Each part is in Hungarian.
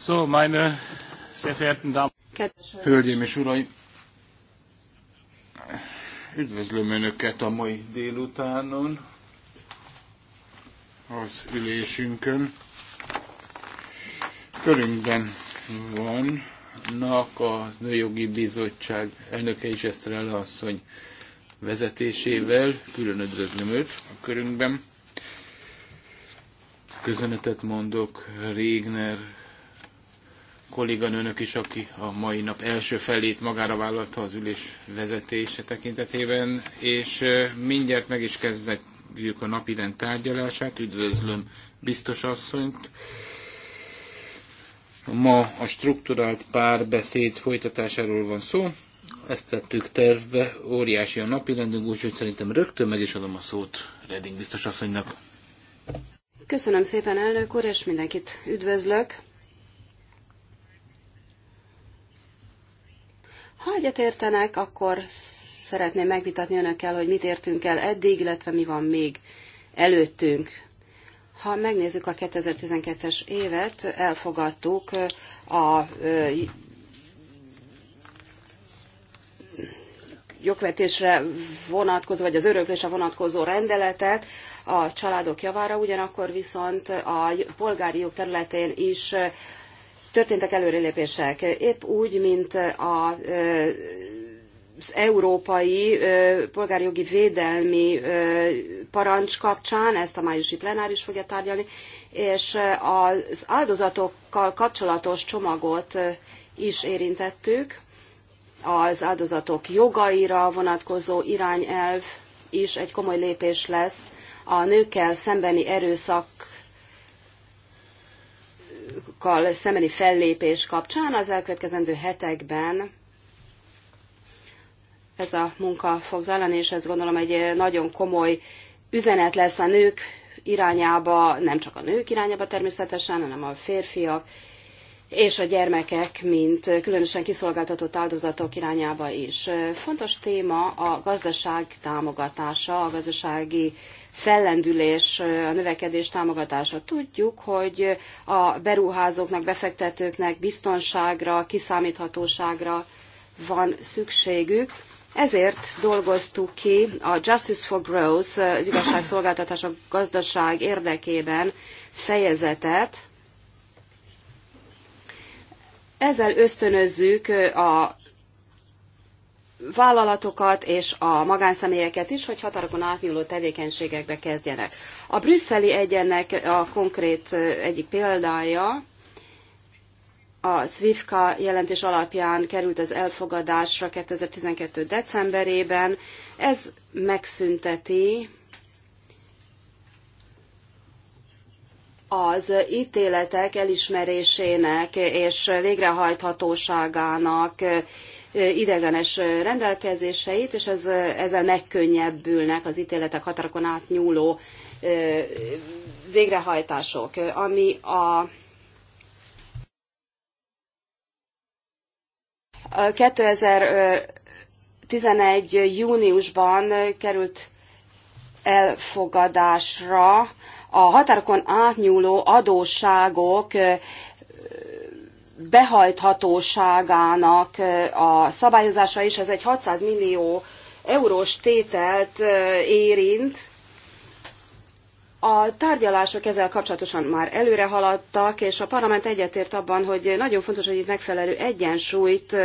So, meine sehr verehrten Damen. Hölgyeim és Uraim! Üdvözlöm Önöket a mai délutánon az ülésünkön. Körünkben vannak a Nőjogi Bizottság elnöke és Eszterele asszony vezetésével. Külön üdvözlöm őt a körünkben. Köszönetet mondok Régner kolléganőnök is, aki a mai nap első felét magára vállalta az ülés vezetése tekintetében, és mindjárt meg is kezdjük a napiden tárgyalását. Üdvözlöm biztos asszonyt. Ma a strukturált párbeszéd folytatásáról van szó. Ezt tettük tervbe, óriási a rendünk, úgyhogy szerintem rögtön meg is adom a szót Reding biztos asszonynak. Köszönöm szépen, elnök úr, és mindenkit üdvözlök. Ha egyetértenek, akkor szeretném megvitatni önökkel, hogy mit értünk el eddig, illetve mi van még előttünk. Ha megnézzük a 2012-es évet, elfogadtuk a jogvetésre vonatkozó, vagy az öröklésre vonatkozó rendeletet a családok javára, ugyanakkor viszont a polgári jog területén is történtek előrelépések, épp úgy, mint a az európai polgárjogi védelmi parancs kapcsán, ezt a májusi plenáris fogja tárgyalni, és az áldozatokkal kapcsolatos csomagot is érintettük, az áldozatok jogaira vonatkozó irányelv is egy komoly lépés lesz a nőkkel szembeni erőszak erőszakkal szembeni fellépés kapcsán az elkövetkezendő hetekben ez a munka fog zajlani, és ez gondolom egy nagyon komoly üzenet lesz a nők irányába, nem csak a nők irányába természetesen, hanem a férfiak és a gyermekek, mint különösen kiszolgáltatott áldozatok irányába is. Fontos téma a gazdaság támogatása, a gazdasági fellendülés, a növekedés támogatása. Tudjuk, hogy a beruházóknak, befektetőknek biztonságra, kiszámíthatóságra van szükségük. Ezért dolgoztuk ki a Justice for Growth, az igazságszolgáltatás a gazdaság érdekében fejezetet. Ezzel ösztönözzük a vállalatokat és a magánszemélyeket is, hogy határokon átnyúló tevékenységekbe kezdjenek. A brüsszeli egyennek a konkrét egyik példája a SWIFKA jelentés alapján került az elfogadásra 2012. decemberében. Ez megszünteti az ítéletek elismerésének és végrehajthatóságának idegenes rendelkezéseit, és ez, ezzel megkönnyebbülnek az ítéletek határokon átnyúló végrehajtások, ami a 2011. júniusban került elfogadásra a határokon átnyúló adósságok behajthatóságának a szabályozása is, ez egy 600 millió eurós tételt érint. A tárgyalások ezzel kapcsolatosan már előre haladtak, és a parlament egyetért abban, hogy nagyon fontos, hogy itt megfelelő egyensúlyt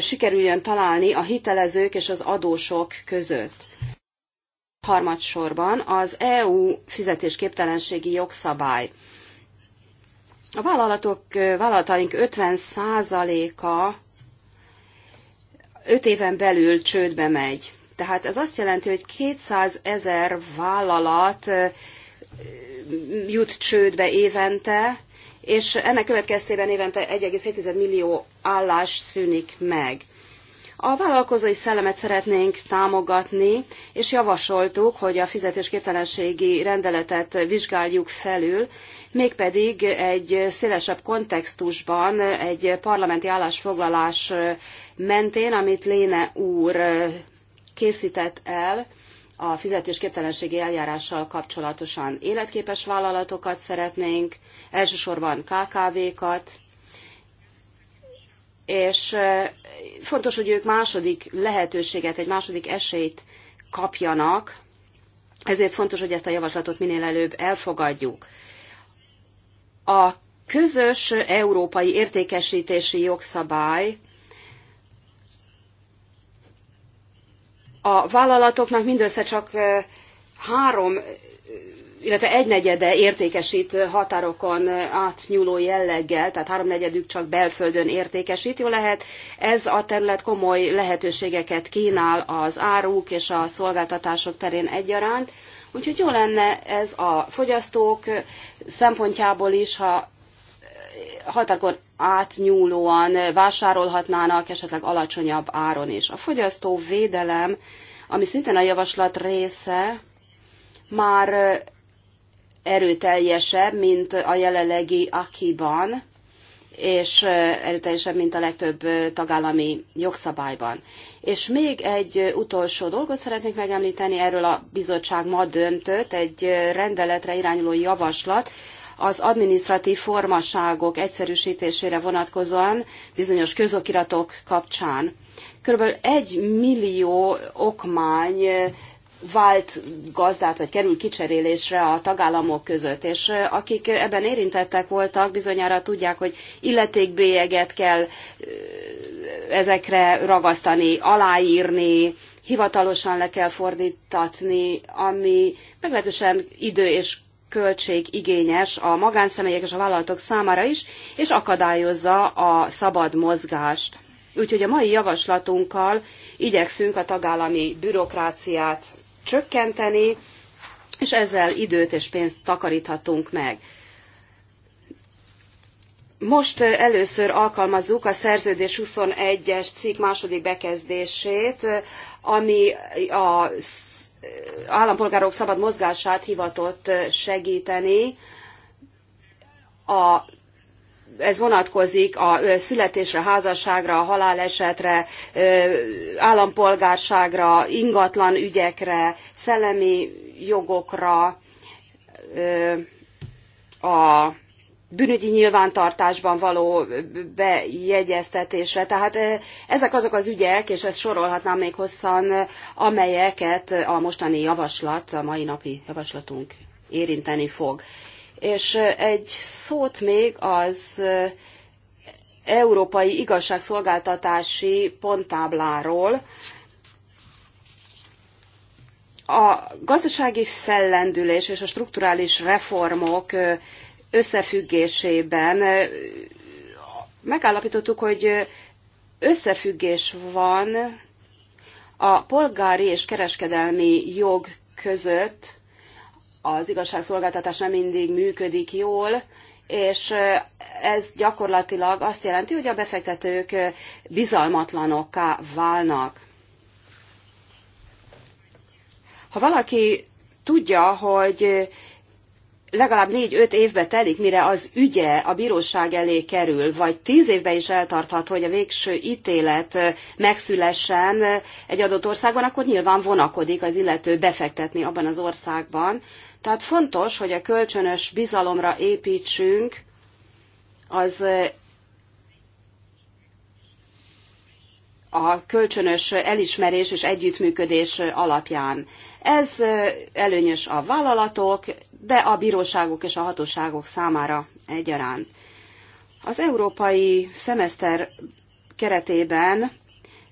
sikerüljön találni a hitelezők és az adósok között. Harmadsorban az EU fizetésképtelenségi jogszabály. A vállalatok, vállalataink 50%-a 5 éven belül csődbe megy. Tehát ez azt jelenti, hogy 200 ezer vállalat jut csődbe évente, és ennek következtében évente 1,7 millió állás szűnik meg. A vállalkozói szellemet szeretnénk támogatni, és javasoltuk, hogy a fizetésképtelenségi rendeletet vizsgáljuk felül, mégpedig egy szélesebb kontextusban, egy parlamenti állásfoglalás mentén, amit Léne úr készített el a fizetésképtelenségi eljárással kapcsolatosan. Életképes vállalatokat szeretnénk, elsősorban KKV-kat, és fontos, hogy ők második lehetőséget, egy második esélyt kapjanak, ezért fontos, hogy ezt a javaslatot minél előbb elfogadjuk. A közös európai értékesítési jogszabály a vállalatoknak mindössze csak három, illetve egynegyede értékesít határokon átnyúló jelleggel, tehát háromnegyedük csak belföldön értékesít, jó lehet. Ez a terület komoly lehetőségeket kínál az áruk és a szolgáltatások terén egyaránt. Úgyhogy jó lenne ez a fogyasztók szempontjából is, ha határkor átnyúlóan vásárolhatnának, esetleg alacsonyabb áron is. A fogyasztó védelem, ami szintén a javaslat része, már erőteljesebb, mint a jelenlegi akiban és erőteljesebb, mint a legtöbb tagállami jogszabályban. És még egy utolsó dolgot szeretnék megemlíteni, erről a bizottság ma döntött, egy rendeletre irányuló javaslat, az adminisztratív formaságok egyszerűsítésére vonatkozóan bizonyos közokiratok kapcsán. Körülbelül egy millió okmány vált gazdát, vagy kerül kicserélésre a tagállamok között. És akik ebben érintettek voltak, bizonyára tudják, hogy illetékbélyeget kell ezekre ragasztani, aláírni, hivatalosan le kell fordítatni, ami meglehetősen idő és költségigényes a magánszemélyek és a vállalatok számára is, és akadályozza a szabad mozgást. Úgyhogy a mai javaslatunkkal igyekszünk a tagállami bürokráciát csökkenteni, és ezzel időt és pénzt takaríthatunk meg. Most először alkalmazzuk a szerződés 21-es cikk második bekezdését, ami a állampolgárok szabad mozgását hivatott segíteni. A ez vonatkozik a születésre, házasságra, halálesetre, állampolgárságra, ingatlan ügyekre, szellemi jogokra, a bűnügyi nyilvántartásban való bejegyeztetésre. Tehát ezek azok az ügyek, és ezt sorolhatnám még hosszan, amelyeket a mostani javaslat, a mai napi javaslatunk érinteni fog. És egy szót még az európai igazságszolgáltatási ponttábláról. A gazdasági fellendülés és a strukturális reformok összefüggésében megállapítottuk, hogy összefüggés van a polgári és kereskedelmi jog között, az igazságszolgáltatás nem mindig működik jól, és ez gyakorlatilag azt jelenti, hogy a befektetők bizalmatlanokká válnak. Ha valaki tudja, hogy legalább négy-öt évbe telik, mire az ügye a bíróság elé kerül, vagy tíz évbe is eltarthat, hogy a végső ítélet megszülessen egy adott országban, akkor nyilván vonakodik az illető befektetni abban az országban, tehát fontos, hogy a kölcsönös bizalomra építsünk az a kölcsönös elismerés és együttműködés alapján. Ez előnyös a vállalatok, de a bíróságok és a hatóságok számára egyaránt. Az európai szemeszter keretében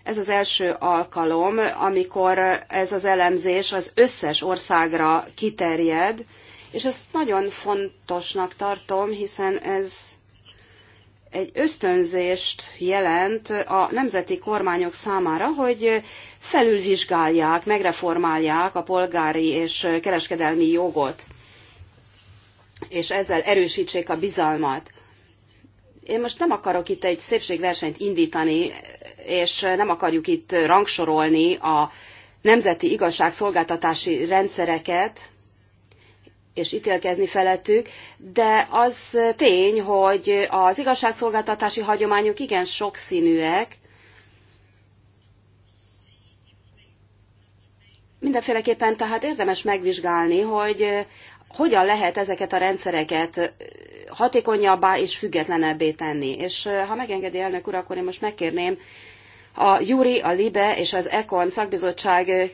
ez az első alkalom, amikor ez az elemzés az összes országra kiterjed, és ezt nagyon fontosnak tartom, hiszen ez egy ösztönzést jelent a nemzeti kormányok számára, hogy felülvizsgálják, megreformálják a polgári és kereskedelmi jogot, és ezzel erősítsék a bizalmat. Én most nem akarok itt egy szépségversenyt indítani, és nem akarjuk itt rangsorolni a nemzeti igazságszolgáltatási rendszereket, és ítélkezni felettük, de az tény, hogy az igazságszolgáltatási hagyományok igen sokszínűek, Mindenféleképpen tehát érdemes megvizsgálni, hogy hogyan lehet ezeket a rendszereket hatékonyabbá és függetlenebbé tenni. És ha megengedi elnök úr, akkor én most megkérném a Juri, a Libe és az Econ szakbizottság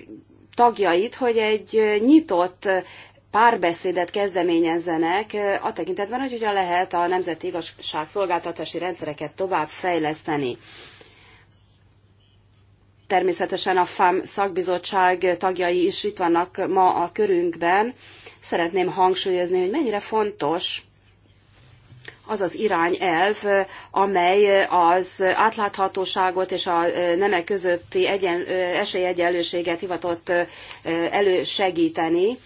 tagjait, hogy egy nyitott párbeszédet kezdeményezzenek a tekintetben, hogy hogyan lehet a nemzeti igazságszolgáltatási rendszereket tovább fejleszteni természetesen a FAM szakbizottság tagjai is itt vannak ma a körünkben. Szeretném hangsúlyozni, hogy mennyire fontos az az irányelv, amely az átláthatóságot és a nemek közötti egyen, esélyegyenlőséget hivatott elősegíteni.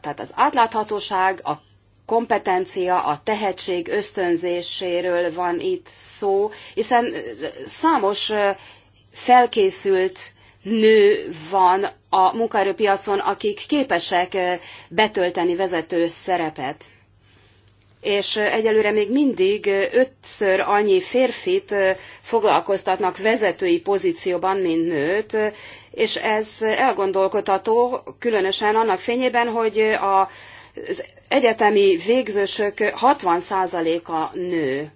Tehát az átláthatóság, a kompetencia, a tehetség ösztönzéséről van itt szó, hiszen számos felkészült nő van a munkaerőpiacon, akik képesek betölteni vezető szerepet. És egyelőre még mindig ötször annyi férfit foglalkoztatnak vezetői pozícióban, mint nőt, és ez elgondolkodható, különösen annak fényében, hogy az egyetemi végzősök 60%-a nő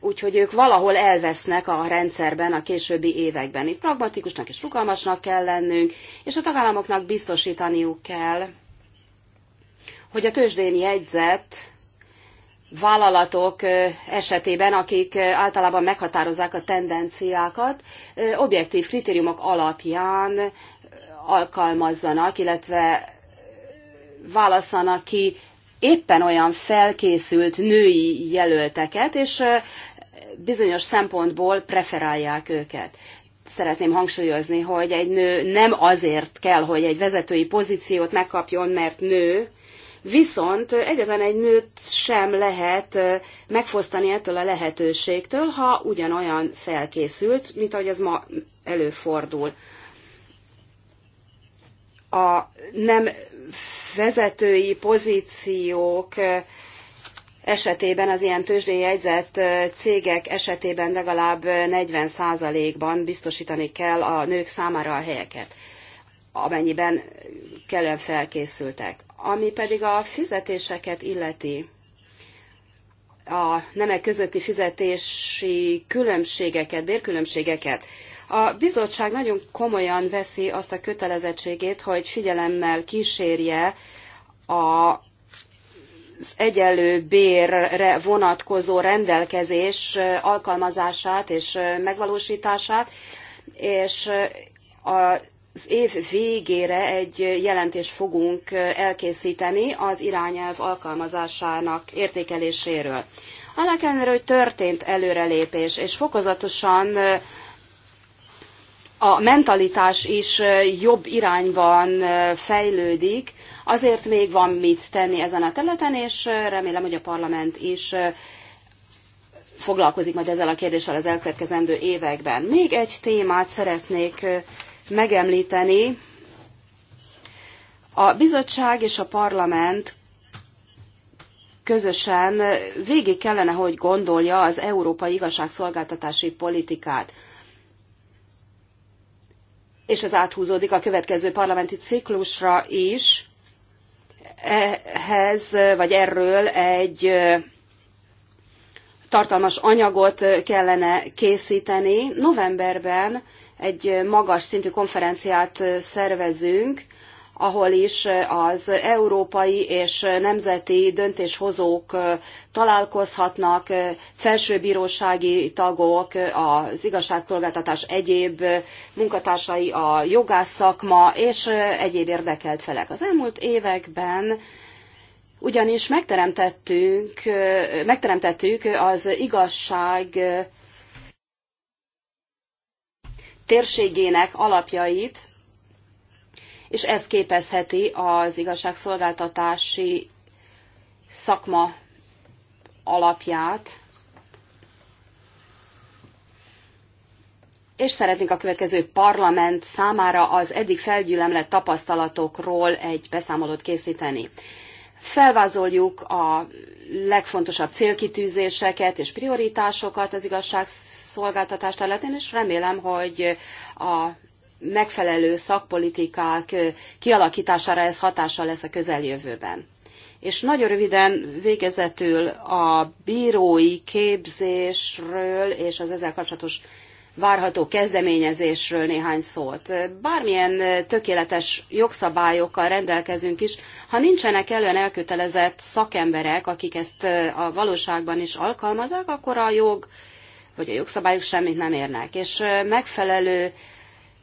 úgyhogy ők valahol elvesznek a rendszerben a későbbi években. Itt pragmatikusnak és rugalmasnak kell lennünk, és a tagállamoknak biztosítaniuk kell, hogy a tőzsdén jegyzett vállalatok esetében, akik általában meghatározzák a tendenciákat, objektív kritériumok alapján alkalmazzanak, illetve válasszanak ki éppen olyan felkészült női jelölteket, és bizonyos szempontból preferálják őket. Szeretném hangsúlyozni, hogy egy nő nem azért kell, hogy egy vezetői pozíciót megkapjon, mert nő, Viszont egyetlen egy nőt sem lehet megfosztani ettől a lehetőségtől, ha ugyanolyan felkészült, mint ahogy ez ma előfordul. A nem vezetői pozíciók esetében az ilyen tőzsdén jegyzett cégek esetében legalább 40%-ban biztosítani kell a nők számára a helyeket, amennyiben kellően felkészültek. Ami pedig a fizetéseket illeti, a nemek közötti fizetési különbségeket, bérkülönbségeket, a bizottság nagyon komolyan veszi azt a kötelezettségét, hogy figyelemmel kísérje a az egyenlő bérre vonatkozó rendelkezés alkalmazását és megvalósítását, és az év végére egy jelentést fogunk elkészíteni az irányelv alkalmazásának értékeléséről. Annak ellenére, hogy történt előrelépés, és fokozatosan a mentalitás is jobb irányban fejlődik, azért még van mit tenni ezen a területen, és remélem, hogy a parlament is foglalkozik majd ezzel a kérdéssel az elkövetkezendő években. Még egy témát szeretnék megemlíteni. A bizottság és a parlament közösen végig kellene, hogy gondolja az európai igazságszolgáltatási politikát és ez áthúzódik a következő parlamenti ciklusra is, ehhez vagy erről egy tartalmas anyagot kellene készíteni. Novemberben egy magas szintű konferenciát szervezünk, ahol is az európai és nemzeti döntéshozók találkozhatnak, felsőbírósági tagok, az igazságszolgáltatás egyéb munkatársai, a jogász szakma és egyéb érdekelt felek. Az elmúlt években ugyanis megteremtettünk, megteremtettük az igazság térségének alapjait, és ez képezheti az igazságszolgáltatási szakma alapját. És szeretnénk a következő parlament számára az eddig felgyülemlett tapasztalatokról egy beszámolót készíteni. Felvázoljuk a legfontosabb célkitűzéseket és prioritásokat az igazságszolgáltatás területén, és remélem, hogy a megfelelő szakpolitikák kialakítására ez hatással lesz a közeljövőben. És nagyon röviden végezetül a bírói képzésről és az ezzel kapcsolatos várható kezdeményezésről néhány szót. Bármilyen tökéletes jogszabályokkal rendelkezünk is, ha nincsenek előn elkötelezett szakemberek, akik ezt a valóságban is alkalmazzák, akkor a jog vagy a jogszabályok semmit nem érnek. És megfelelő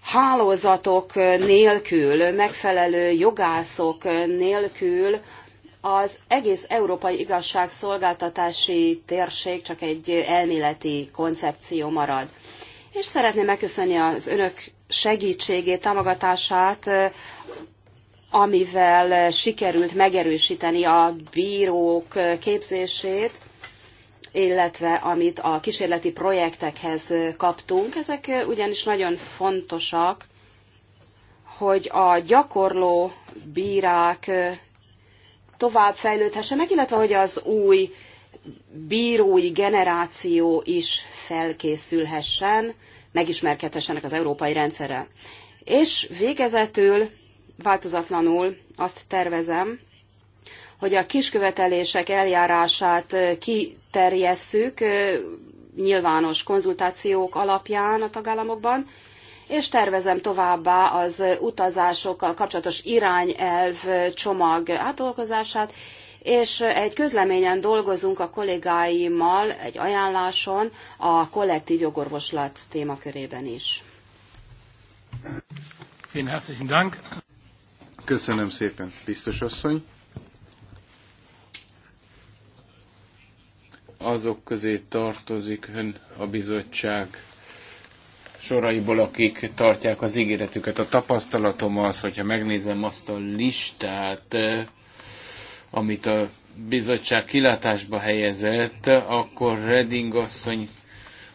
hálózatok nélkül, megfelelő jogászok nélkül az egész európai igazságszolgáltatási térség csak egy elméleti koncepció marad. És szeretném megköszönni az önök segítségét, támogatását, amivel sikerült megerősíteni a bírók képzését, illetve amit a kísérleti projektekhez kaptunk. Ezek ugyanis nagyon fontosak, hogy a gyakorló bírák tovább fejlődhessenek, illetve hogy az új bírói generáció is felkészülhessen, megismerkedhessenek az európai rendszerrel. És végezetül változatlanul azt tervezem, hogy a kiskövetelések eljárását kiterjesszük nyilvános konzultációk alapján a tagállamokban, és tervezem továbbá az utazásokkal kapcsolatos irányelv csomag átdolgozását, és egy közleményen dolgozunk a kollégáimmal, egy ajánláson a kollektív jogorvoslat témakörében is. Köszönöm szépen, biztos asszony. azok közé tartozik ön a bizottság soraiból, akik tartják az ígéretüket. A tapasztalatom az, hogyha megnézem azt a listát, eh, amit a bizottság kilátásba helyezett, akkor Reding asszony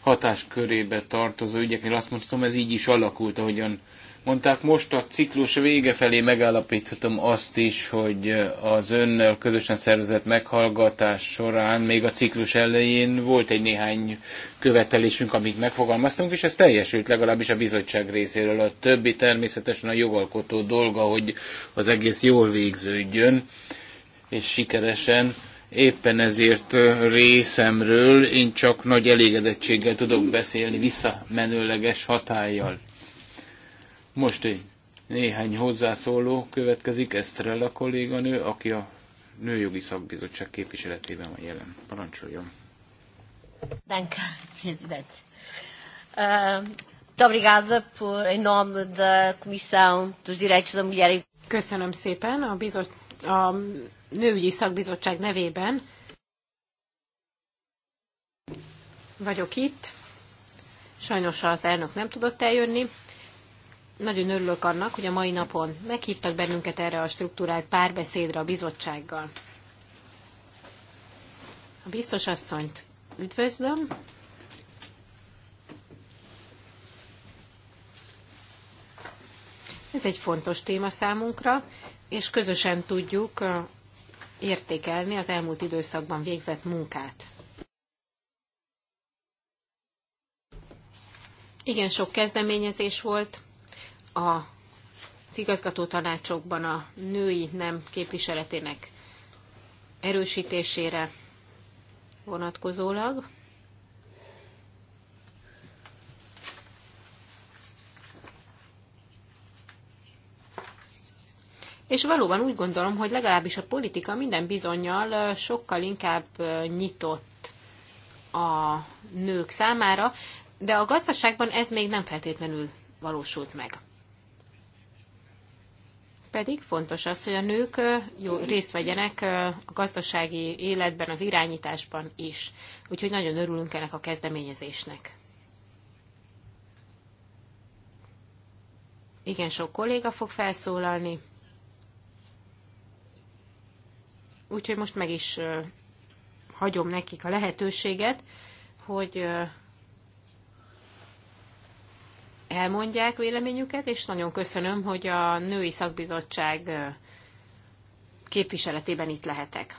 hatáskörébe tartozó ügyeknél azt mondhatom, ez így is alakult, ahogyan mondták. Most a ciklus vége felé megállapíthatom azt is, hogy az önnel közösen szervezett meghallgatás során még a ciklus elején volt egy néhány követelésünk, amit megfogalmaztunk, és ez teljesült legalábbis a bizottság részéről. A többi természetesen a jogalkotó dolga, hogy az egész jól végződjön, és sikeresen. Éppen ezért részemről én csak nagy elégedettséggel tudok beszélni visszamenőleges hatállyal most egy néhány hozzászóló következik, Esztrella kolléganő, aki a Nőjogi Szakbizottság képviseletében van jelen. Parancsoljon. Danke, Presidente. Ehm, obrigada por, em nome da Comissão dos Direitos da Mulher. E Köszönöm szépen a, bizot, a Nőügyi Szakbizottság nevében. Vagyok itt. Sajnos az elnök nem tudott eljönni. Nagyon örülök annak, hogy a mai napon meghívtak bennünket erre a struktúrált párbeszédre a bizottsággal. A biztos asszonyt üdvözlöm. Ez egy fontos téma számunkra, és közösen tudjuk értékelni az elmúlt időszakban végzett munkát. Igen, sok kezdeményezés volt, a igazgató tanácsokban a női nem képviseletének erősítésére vonatkozólag. És valóban úgy gondolom, hogy legalábbis a politika minden bizonyal sokkal inkább nyitott a nők számára, de a gazdaságban ez még nem feltétlenül valósult meg pedig fontos az, hogy a nők jó részt vegyenek a gazdasági életben, az irányításban is. Úgyhogy nagyon örülünk ennek a kezdeményezésnek. Igen, sok kolléga fog felszólalni. Úgyhogy most meg is hagyom nekik a lehetőséget, hogy elmondják véleményüket, és nagyon köszönöm, hogy a Női Szakbizottság képviseletében itt lehetek.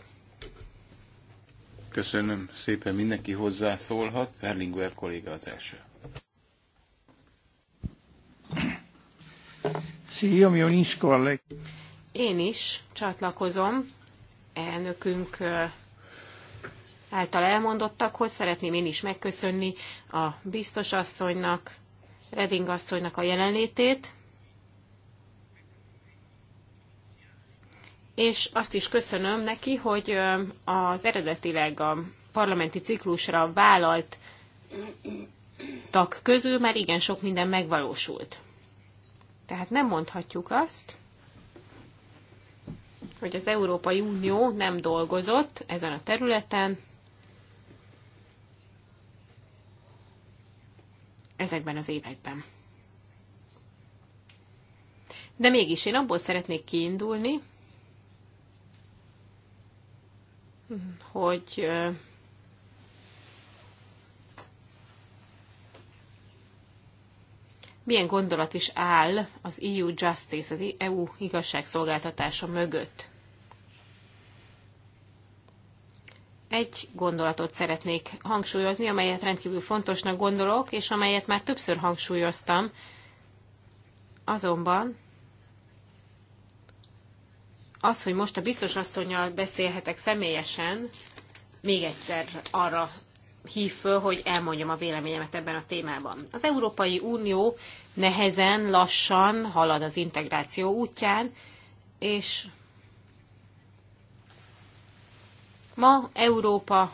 Köszönöm szépen, mindenki hozzászólhat. Berlinguer kolléga az első. Szia, mi is Én is csatlakozom elnökünk által elmondottakhoz. Szeretném én is megköszönni a biztos asszonynak Reding asszonynak a jelenlétét, és azt is köszönöm neki, hogy az eredetileg a parlamenti ciklusra vállalt tak közül már igen sok minden megvalósult. Tehát nem mondhatjuk azt, hogy az Európai Unió nem dolgozott ezen a területen, ezekben az években. De mégis én abból szeretnék kiindulni, hogy milyen gondolat is áll az EU Justice, az EU igazságszolgáltatása mögött. egy gondolatot szeretnék hangsúlyozni, amelyet rendkívül fontosnak gondolok, és amelyet már többször hangsúlyoztam. Azonban az, hogy most a biztos asszonynal beszélhetek személyesen, még egyszer arra hív föl, hogy elmondjam a véleményemet ebben a témában. Az Európai Unió nehezen, lassan halad az integráció útján, és Ma Európa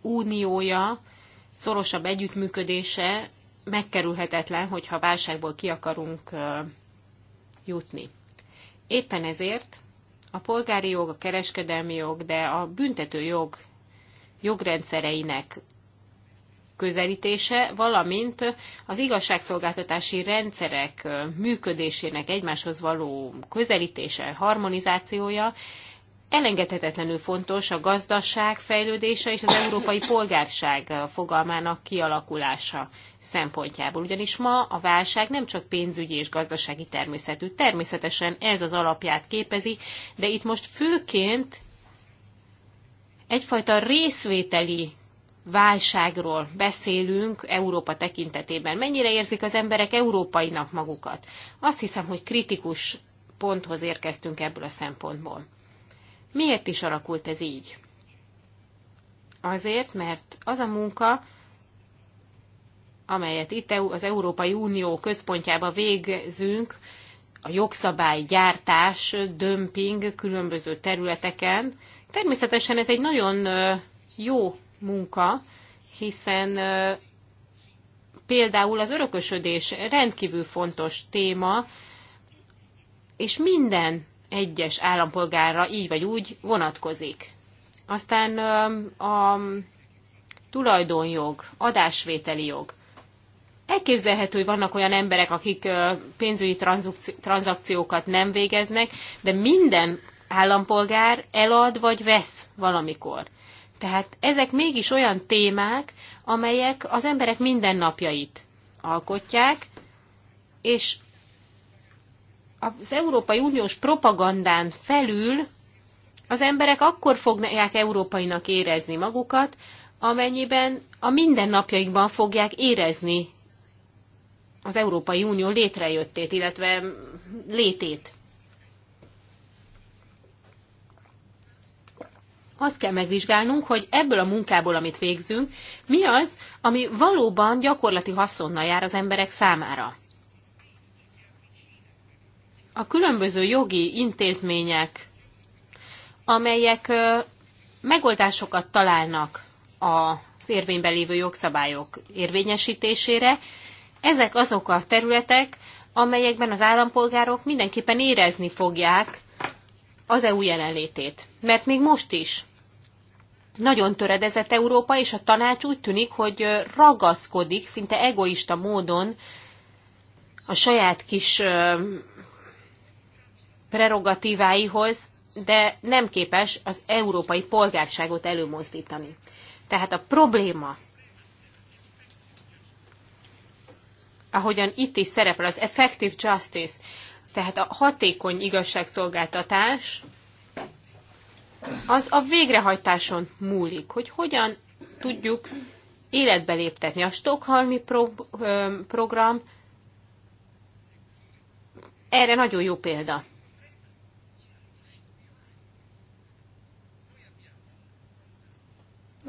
uniója szorosabb együttműködése megkerülhetetlen, hogyha válságból ki akarunk jutni. Éppen ezért a polgári jog, a kereskedelmi jog, de a büntető jog jogrendszereinek közelítése, valamint az igazságszolgáltatási rendszerek működésének egymáshoz való közelítése, harmonizációja elengedhetetlenül fontos a gazdaság fejlődése és az európai polgárság eh, fogalmának kialakulása szempontjából. Ugyanis ma a válság nem csak pénzügyi és gazdasági természetű. Természetesen ez az alapját képezi, de itt most főként egyfajta részvételi válságról beszélünk Európa tekintetében. Mennyire érzik az emberek európainak magukat? Azt hiszem, hogy kritikus ponthoz érkeztünk ebből a szempontból. Miért is alakult ez így? Azért, mert az a munka, amelyet itt az Európai Unió központjába végzünk, a jogszabály gyártás, dömping különböző területeken. Természetesen ez egy nagyon jó munka, hiszen például az örökösödés rendkívül fontos téma, és minden egyes állampolgárra így vagy úgy vonatkozik. Aztán a tulajdonjog, adásvételi jog. Elképzelhető, hogy vannak olyan emberek, akik pénzügyi tranzakciókat nem végeznek, de minden állampolgár elad vagy vesz valamikor. Tehát ezek mégis olyan témák, amelyek az emberek mindennapjait alkotják, és az Európai Uniós propagandán felül az emberek akkor fogják európainak érezni magukat, amennyiben a mindennapjaikban fogják érezni az Európai Unió létrejöttét, illetve létét. Azt kell megvizsgálnunk, hogy ebből a munkából, amit végzünk, mi az, ami valóban gyakorlati haszonnal jár az emberek számára a különböző jogi intézmények, amelyek megoldásokat találnak az érvényben lévő jogszabályok érvényesítésére, ezek azok a területek, amelyekben az állampolgárok mindenképpen érezni fogják az EU jelenlétét. Mert még most is nagyon töredezett Európa, és a tanács úgy tűnik, hogy ragaszkodik szinte egoista módon a saját kis prerogatíváihoz, de nem képes az európai polgárságot előmozdítani. Tehát a probléma, ahogyan itt is szerepel az effective justice, tehát a hatékony igazságszolgáltatás, az a végrehajtáson múlik, hogy hogyan tudjuk életbe léptetni. A Stockholmi pro- program erre nagyon jó példa.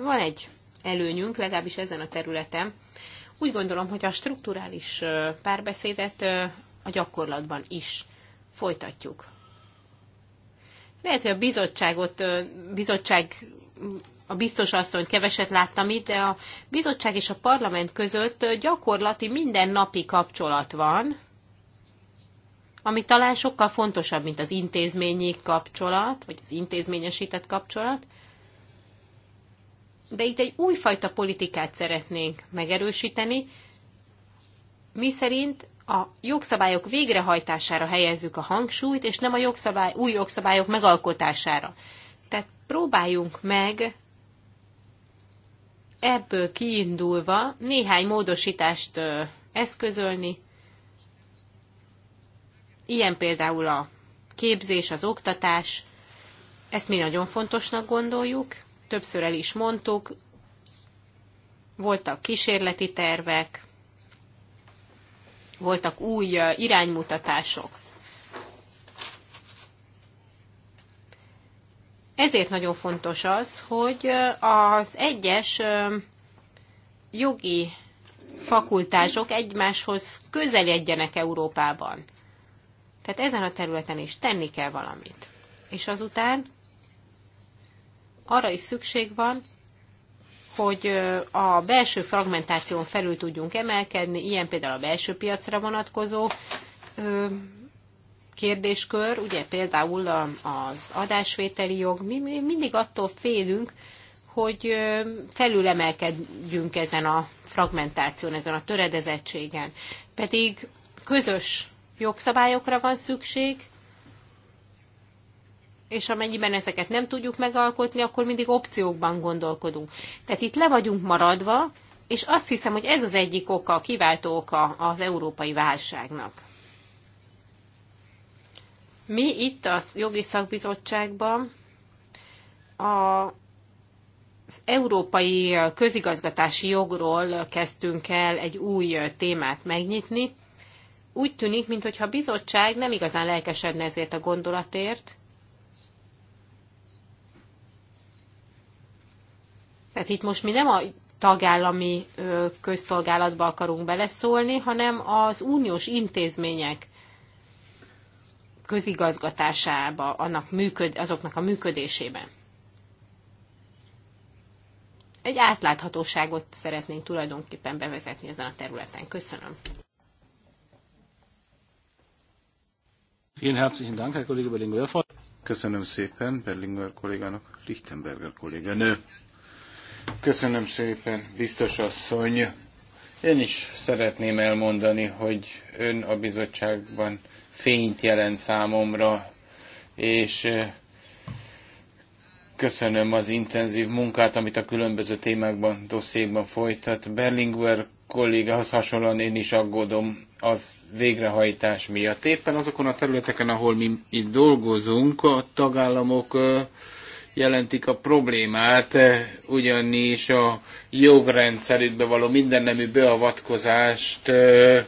van egy előnyünk, legalábbis ezen a területen. Úgy gondolom, hogy a strukturális párbeszédet a gyakorlatban is folytatjuk. Lehet, hogy a bizottságot, bizottság, a biztos asszony keveset láttam itt, de a bizottság és a parlament között gyakorlati mindennapi kapcsolat van, ami talán sokkal fontosabb, mint az intézményi kapcsolat, vagy az intézményesített kapcsolat de itt egy újfajta politikát szeretnénk megerősíteni, mi szerint a jogszabályok végrehajtására helyezzük a hangsúlyt, és nem a jogszabály, új jogszabályok megalkotására. Tehát próbáljunk meg ebből kiindulva néhány módosítást eszközölni, ilyen például a képzés, az oktatás, ezt mi nagyon fontosnak gondoljuk, többször el is mondtuk, voltak kísérleti tervek, voltak új iránymutatások. Ezért nagyon fontos az, hogy az egyes jogi fakultások egymáshoz közeledjenek Európában. Tehát ezen a területen is tenni kell valamit. És azután arra is szükség van, hogy a belső fragmentáción felül tudjunk emelkedni, ilyen például a belső piacra vonatkozó kérdéskör, ugye például az adásvételi jog, mi mindig attól félünk, hogy felülemelkedjünk ezen a fragmentáción, ezen a töredezettségen. Pedig közös jogszabályokra van szükség, és amennyiben ezeket nem tudjuk megalkotni, akkor mindig opciókban gondolkodunk. Tehát itt le vagyunk maradva, és azt hiszem, hogy ez az egyik oka, a kiváltó oka az európai válságnak. Mi itt a jogi szakbizottságban a az európai közigazgatási jogról kezdtünk el egy új témát megnyitni. Úgy tűnik, mintha a bizottság nem igazán lelkesedne ezért a gondolatért, Tehát itt most mi nem a tagállami közszolgálatba akarunk beleszólni, hanem az uniós intézmények közigazgatásába, annak működ, azoknak a működésében. Egy átláthatóságot szeretnénk tulajdonképpen bevezetni ezen a területen. Köszönöm. Köszönöm szépen Berlinger kollégának, Lichtenberger kolléganő. Köszönöm szépen, biztos asszony. Én is szeretném elmondani, hogy ön a bizottságban fényt jelent számomra, és köszönöm az intenzív munkát, amit a különböző témákban, dosszékban folytat. Berlinguer kollégához hasonlóan én is aggódom az végrehajtás miatt. Éppen azokon a területeken, ahol mi itt dolgozunk, a tagállamok jelentik a problémát, eh, ugyanis a jogrendszerükbe való mindennemű beavatkozást eh,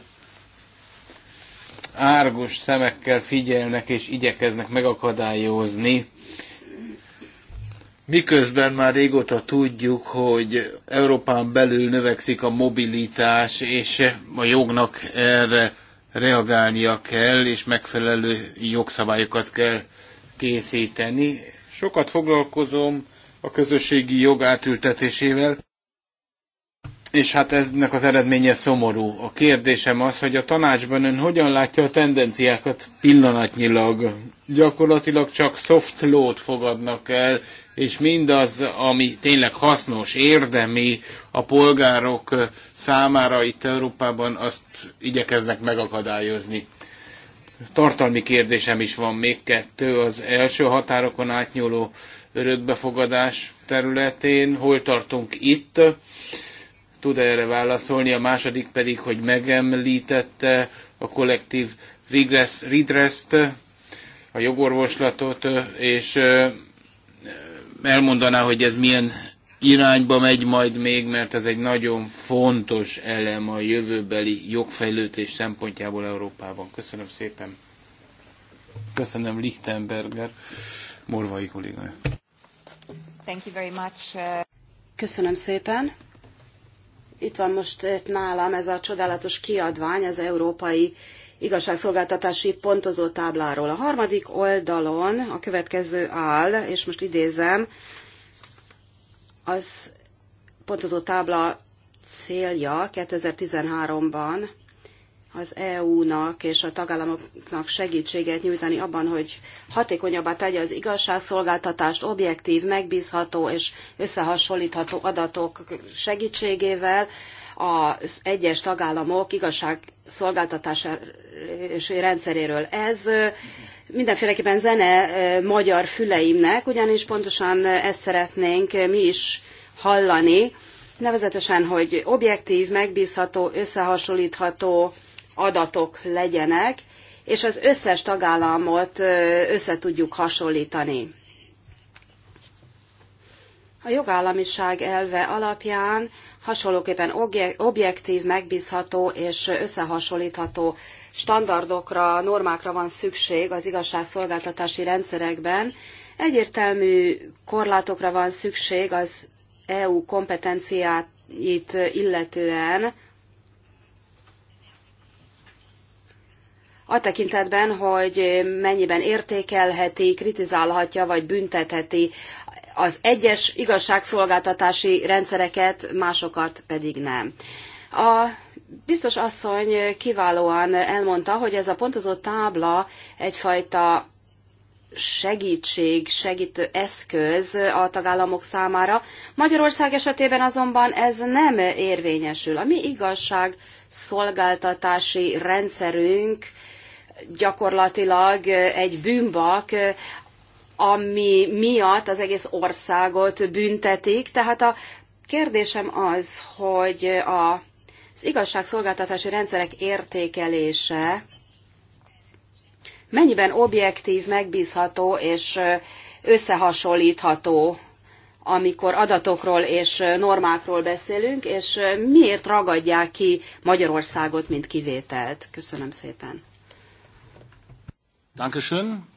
árgus szemekkel figyelnek és igyekeznek megakadályozni. Miközben már régóta tudjuk, hogy Európán belül növekszik a mobilitás, és a jognak erre reagálnia kell, és megfelelő jogszabályokat kell készíteni. Sokat foglalkozom a közösségi jog átültetésével, és hát eznek az eredménye szomorú. A kérdésem az, hogy a tanácsban ön hogyan látja a tendenciákat pillanatnyilag. Gyakorlatilag csak soft load fogadnak el, és mindaz, ami tényleg hasznos, érdemi a polgárok számára itt Európában, azt igyekeznek megakadályozni tartalmi kérdésem is van, még kettő. Az első határokon átnyúló örökbefogadás területén, hol tartunk itt, tud -e erre válaszolni, a második pedig, hogy megemlítette a kollektív redress, redress a jogorvoslatot, és elmondaná, hogy ez milyen irányba megy majd még, mert ez egy nagyon fontos elem a jövőbeli jogfejlődés szempontjából Európában. Köszönöm szépen. Köszönöm Lichtenberger, morvai kollégája. Thank you very much. Uh, Köszönöm szépen. Itt van most eh, nálam ez a csodálatos kiadvány az Európai Igazságszolgáltatási Pontozó tábláról. A harmadik oldalon a következő áll, és most idézem, az pontozó tábla célja 2013-ban az EU-nak és a tagállamoknak segítséget nyújtani abban, hogy hatékonyabbá tegye az igazságszolgáltatást objektív, megbízható és összehasonlítható adatok segítségével az egyes tagállamok igazságszolgáltatási rendszeréről. Ez mindenféleképpen zene magyar füleimnek, ugyanis pontosan ezt szeretnénk mi is hallani, nevezetesen, hogy objektív, megbízható, összehasonlítható adatok legyenek, és az összes tagállamot össze tudjuk hasonlítani. A jogállamiság elve alapján hasonlóképpen objektív, megbízható és összehasonlítható standardokra, normákra van szükség az igazságszolgáltatási rendszerekben. Egyértelmű korlátokra van szükség az EU kompetenciáit illetően, a tekintetben, hogy mennyiben értékelheti, kritizálhatja vagy büntetheti az egyes igazságszolgáltatási rendszereket, másokat pedig nem. A Biztos asszony kiválóan elmondta, hogy ez a pontozó tábla egyfajta segítség, segítő eszköz a tagállamok számára. Magyarország esetében azonban ez nem érvényesül. A mi igazság szolgáltatási rendszerünk gyakorlatilag egy bűnbak, ami miatt az egész országot büntetik. Tehát a kérdésem az, hogy a az igazságszolgáltatási rendszerek értékelése mennyiben objektív, megbízható és összehasonlítható, amikor adatokról és normákról beszélünk, és miért ragadják ki Magyarországot, mint kivételt? Köszönöm szépen. Dankeschön.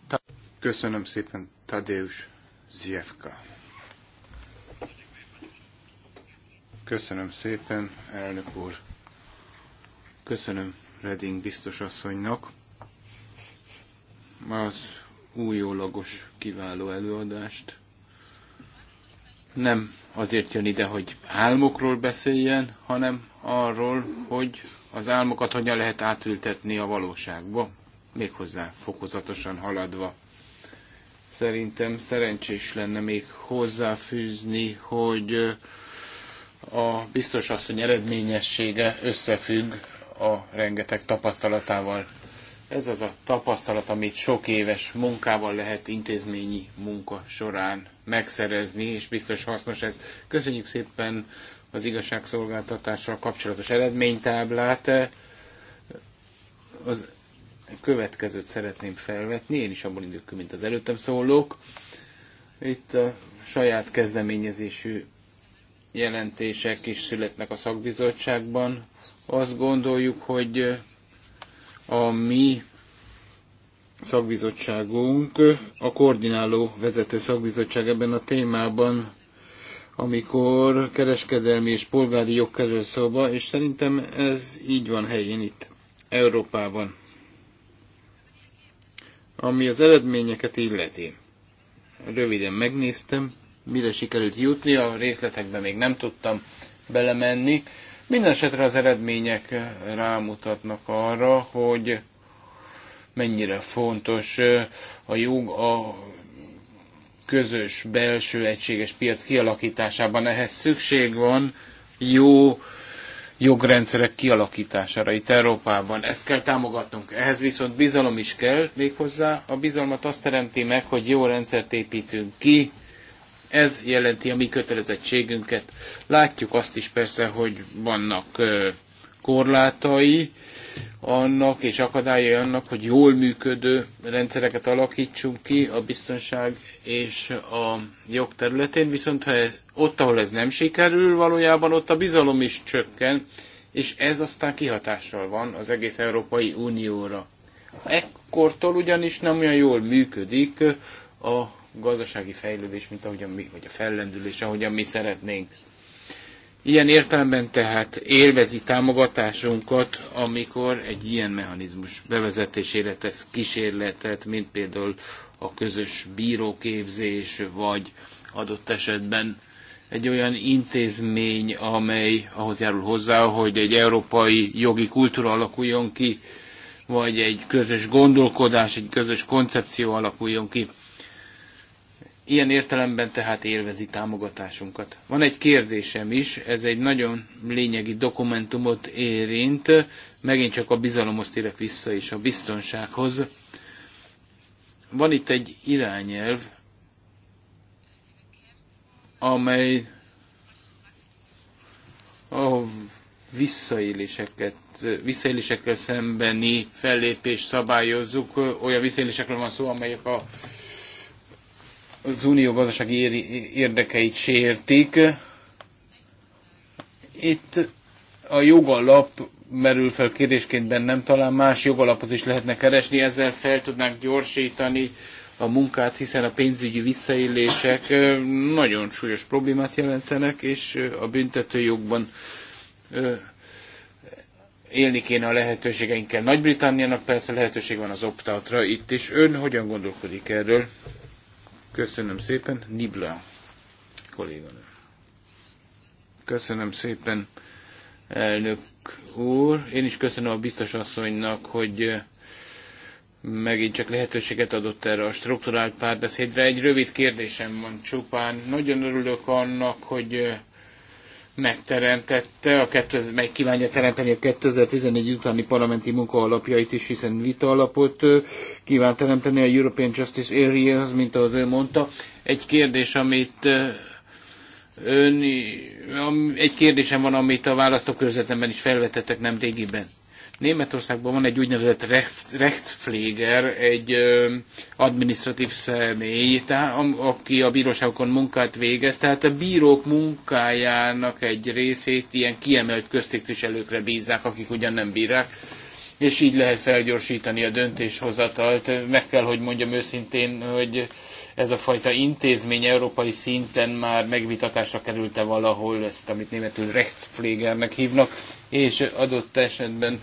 Köszönöm szépen, Tadeusz Zievka. Köszönöm szépen, elnök úr. Köszönöm Reding biztos asszonynak az újólagos kiváló előadást. Nem azért jön ide, hogy álmokról beszéljen, hanem arról, hogy az álmokat hogyan lehet átültetni a valóságba, méghozzá fokozatosan haladva. Szerintem szerencsés lenne még hozzáfűzni, hogy a biztos asszony eredményessége összefügg a rengeteg tapasztalatával. Ez az a tapasztalat, amit sok éves munkával lehet intézményi munka során megszerezni, és biztos hasznos ez. Köszönjük szépen az igazságszolgáltatással kapcsolatos eredménytáblát. Az következőt szeretném felvetni, én is abból indulok, mint az előttem szólók. Itt a saját kezdeményezésű jelentések is születnek a szakbizottságban. Azt gondoljuk, hogy a mi szakbizottságunk, a koordináló vezető szakbizottság ebben a témában, amikor kereskedelmi és polgári jog kerül szóba, és szerintem ez így van helyén itt, Európában. Ami az eredményeket illeti. Röviden megnéztem, mire sikerült jutni, a részletekben még nem tudtam belemenni, Mindenesetre az eredmények rámutatnak arra, hogy mennyire fontos a jog a közös belső egységes piac kialakításában. Ehhez szükség van jó jogrendszerek kialakítására itt Európában. Ezt kell támogatnunk. Ehhez viszont bizalom is kell méghozzá. A bizalmat azt teremti meg, hogy jó rendszert építünk ki, ez jelenti a mi kötelezettségünket. Látjuk azt is persze, hogy vannak korlátai annak és akadályai annak, hogy jól működő rendszereket alakítsunk ki a biztonság és a jog területén, viszont ha ott, ahol ez nem sikerül, valójában ott a bizalom is csökken, és ez aztán kihatással van az egész Európai Unióra. Ekkortól ugyanis nem olyan jól működik a gazdasági fejlődés, mint ahogyan mi, vagy a fellendülés, ahogyan mi szeretnénk. Ilyen értelemben tehát élvezi támogatásunkat, amikor egy ilyen mechanizmus bevezetésére tesz kísérletet, mint például a közös bíróképzés, vagy adott esetben egy olyan intézmény, amely ahhoz járul hozzá, hogy egy európai jogi kultúra alakuljon ki, vagy egy közös gondolkodás, egy közös koncepció alakuljon ki. Ilyen értelemben tehát élvezi támogatásunkat. Van egy kérdésem is, ez egy nagyon lényegi dokumentumot érint, megint csak a bizalomhoz térek vissza is a biztonsághoz. Van itt egy irányelv, amely a visszaéléseket, visszaélésekkel szembeni fellépést szabályozzuk. Olyan visszaélésekről van szó, amelyek a az unió gazdasági érdekeit sértik. Itt a jogalap merül fel kérdésként bennem, talán más jogalapot is lehetne keresni, ezzel fel tudnánk gyorsítani a munkát, hiszen a pénzügyi visszaélések nagyon súlyos problémát jelentenek, és a büntetőjogban élni kéne a lehetőségeinkkel. Nagy-Britanniának persze lehetőség van az opt-outra itt is. Ön hogyan gondolkodik erről? Köszönöm szépen, Nibla kolléganő. Köszönöm szépen, elnök úr. Én is köszönöm a biztos asszonynak, hogy eh, megint csak lehetőséget adott erre a strukturált párbeszédre. Egy rövid kérdésem van csupán. Nagyon örülök annak, hogy eh, megteremtette, a 2000, meg kívánja teremteni a 2014 utáni parlamenti munka alapjait is, hiszen vita alapot kíván teremteni a European Justice Areas, mint az ő mondta. Egy kérdés, amit ön, egy kérdésem van, amit a választókörzetemben is felvetettek nem régiben. Németországban van egy úgynevezett Rechtspfleger, egy ö, administratív személy, tehát, aki a bíróságokon munkát végez, tehát a bírók munkájának egy részét ilyen kiemelt köztisztviselőkre bízzák, akik ugyan nem bírák, és így lehet felgyorsítani a döntéshozatalt. Meg kell, hogy mondjam őszintén, hogy ez a fajta intézmény európai szinten már megvitatásra került valahol, ezt amit németül Rechtspflegernek hívnak, és adott esetben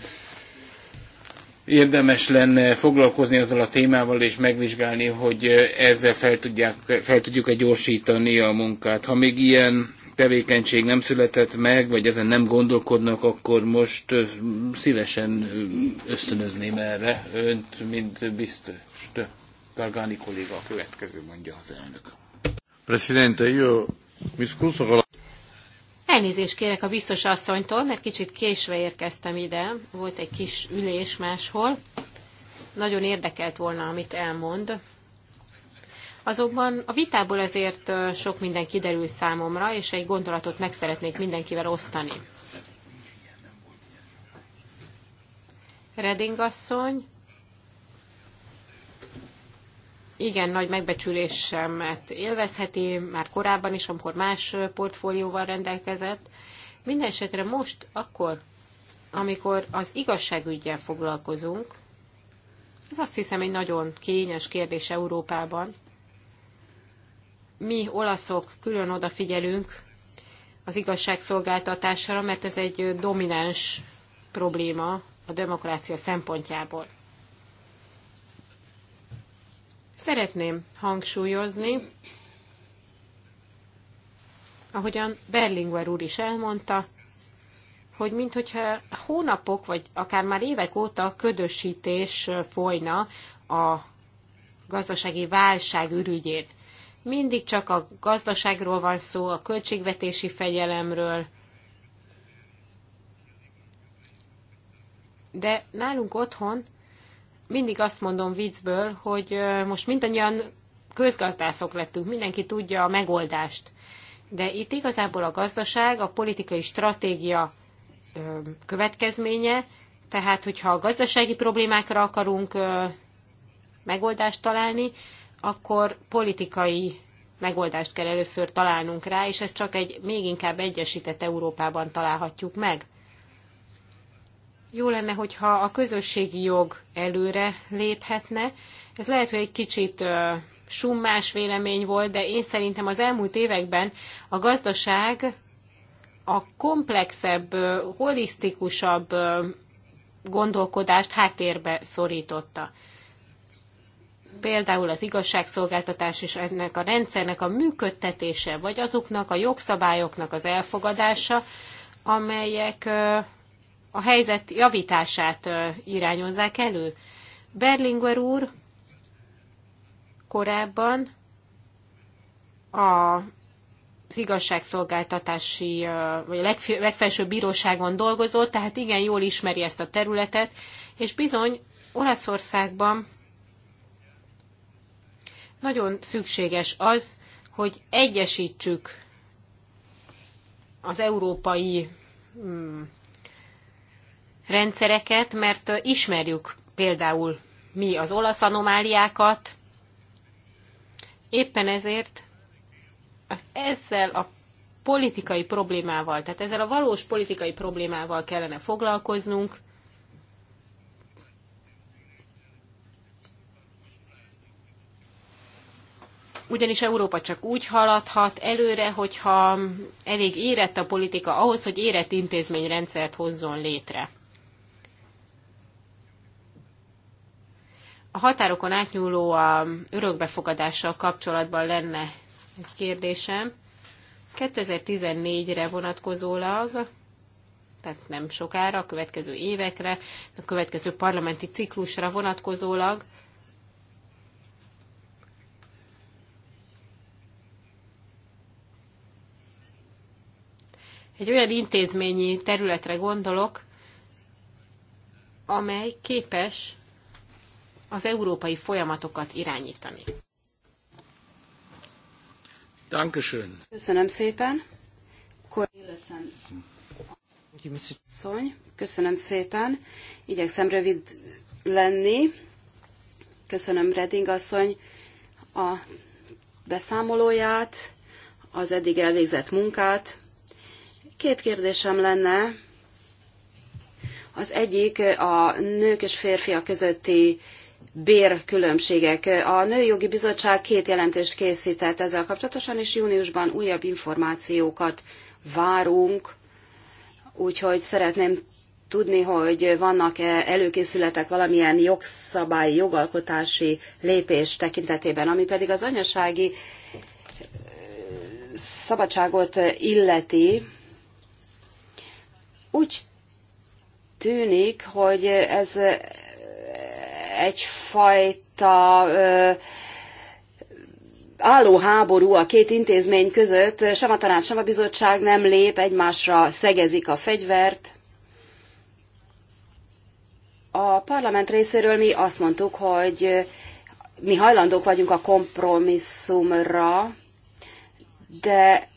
érdemes lenne foglalkozni azzal a témával, és megvizsgálni, hogy ezzel fel, tudják, fel tudjuk-e gyorsítani a munkát. Ha még ilyen tevékenység nem született meg, vagy ezen nem gondolkodnak, akkor most szívesen ösztönözném erre önt, mint biztos. Gargani kolléga a következő, mondja az elnök. Presidente, io mi scuso Elnézést kérek a biztos asszonytól, mert kicsit késve érkeztem ide, volt egy kis ülés máshol. Nagyon érdekelt volna, amit elmond. Azonban a vitából ezért sok minden kiderül számomra, és egy gondolatot meg szeretnék mindenkivel osztani. Reding asszony igen nagy megbecsülésemet élvezheti, már korábban is, amikor más portfólióval rendelkezett. Mindenesetre most, akkor, amikor az igazságügyel foglalkozunk, ez azt hiszem egy nagyon kényes kérdés Európában. Mi olaszok külön odafigyelünk az igazságszolgáltatásra, mert ez egy domináns probléma a demokrácia szempontjából. Szeretném hangsúlyozni, ahogyan Berlinguer úr is elmondta, hogy minthogyha hónapok, vagy akár már évek óta ködösítés folyna a gazdasági válság ürügyén. Mindig csak a gazdaságról van szó, a költségvetési fegyelemről, de nálunk otthon mindig azt mondom viccből, hogy most mindannyian közgazdászok lettünk, mindenki tudja a megoldást. De itt igazából a gazdaság, a politikai stratégia következménye, tehát hogyha a gazdasági problémákra akarunk megoldást találni, akkor politikai megoldást kell először találnunk rá, és ezt csak egy még inkább egyesített Európában találhatjuk meg jó lenne, hogyha a közösségi jog előre léphetne. Ez lehet, hogy egy kicsit summás vélemény volt, de én szerintem az elmúlt években a gazdaság a komplexebb, holisztikusabb gondolkodást háttérbe szorította. Például az igazságszolgáltatás és ennek a rendszernek a működtetése, vagy azoknak a jogszabályoknak az elfogadása, amelyek a helyzet javítását irányozzák elő. Berlinguer úr korábban a az igazságszolgáltatási, vagy a legfelsőbb bíróságon dolgozott, tehát igen jól ismeri ezt a területet, és bizony Olaszországban nagyon szükséges az, hogy egyesítsük az európai mm, rendszereket, mert ismerjük például mi az olasz anomáliákat. Éppen ezért az ezzel a politikai problémával, tehát ezzel a valós politikai problémával kellene foglalkoznunk, ugyanis Európa csak úgy haladhat előre, hogyha elég érett a politika ahhoz, hogy érett intézményrendszert hozzon létre. a határokon átnyúló a örökbefogadással kapcsolatban lenne egy kérdésem. 2014-re vonatkozólag, tehát nem sokára, a következő évekre, a következő parlamenti ciklusra vonatkozólag, egy olyan intézményi területre gondolok, amely képes az európai folyamatokat irányítani. Dankeschön. Köszönöm szépen. Szony, köszönöm szépen. Igyekszem rövid lenni. Köszönöm Reding asszony a beszámolóját, az eddig elvégzett munkát. Két kérdésem lenne. Az egyik a nők és férfiak közötti bérkülönbségek. A Nőjogi Bizottság két jelentést készített ezzel kapcsolatosan, és júniusban újabb információkat várunk, úgyhogy szeretném tudni, hogy vannak-e előkészületek valamilyen jogszabályi jogalkotási lépés tekintetében, ami pedig az anyasági szabadságot illeti. Úgy tűnik, hogy ez egyfajta álló háború a két intézmény között, sem a tanács, sem a bizottság nem lép, egymásra szegezik a fegyvert. A parlament részéről mi azt mondtuk, hogy mi hajlandók vagyunk a kompromisszumra, de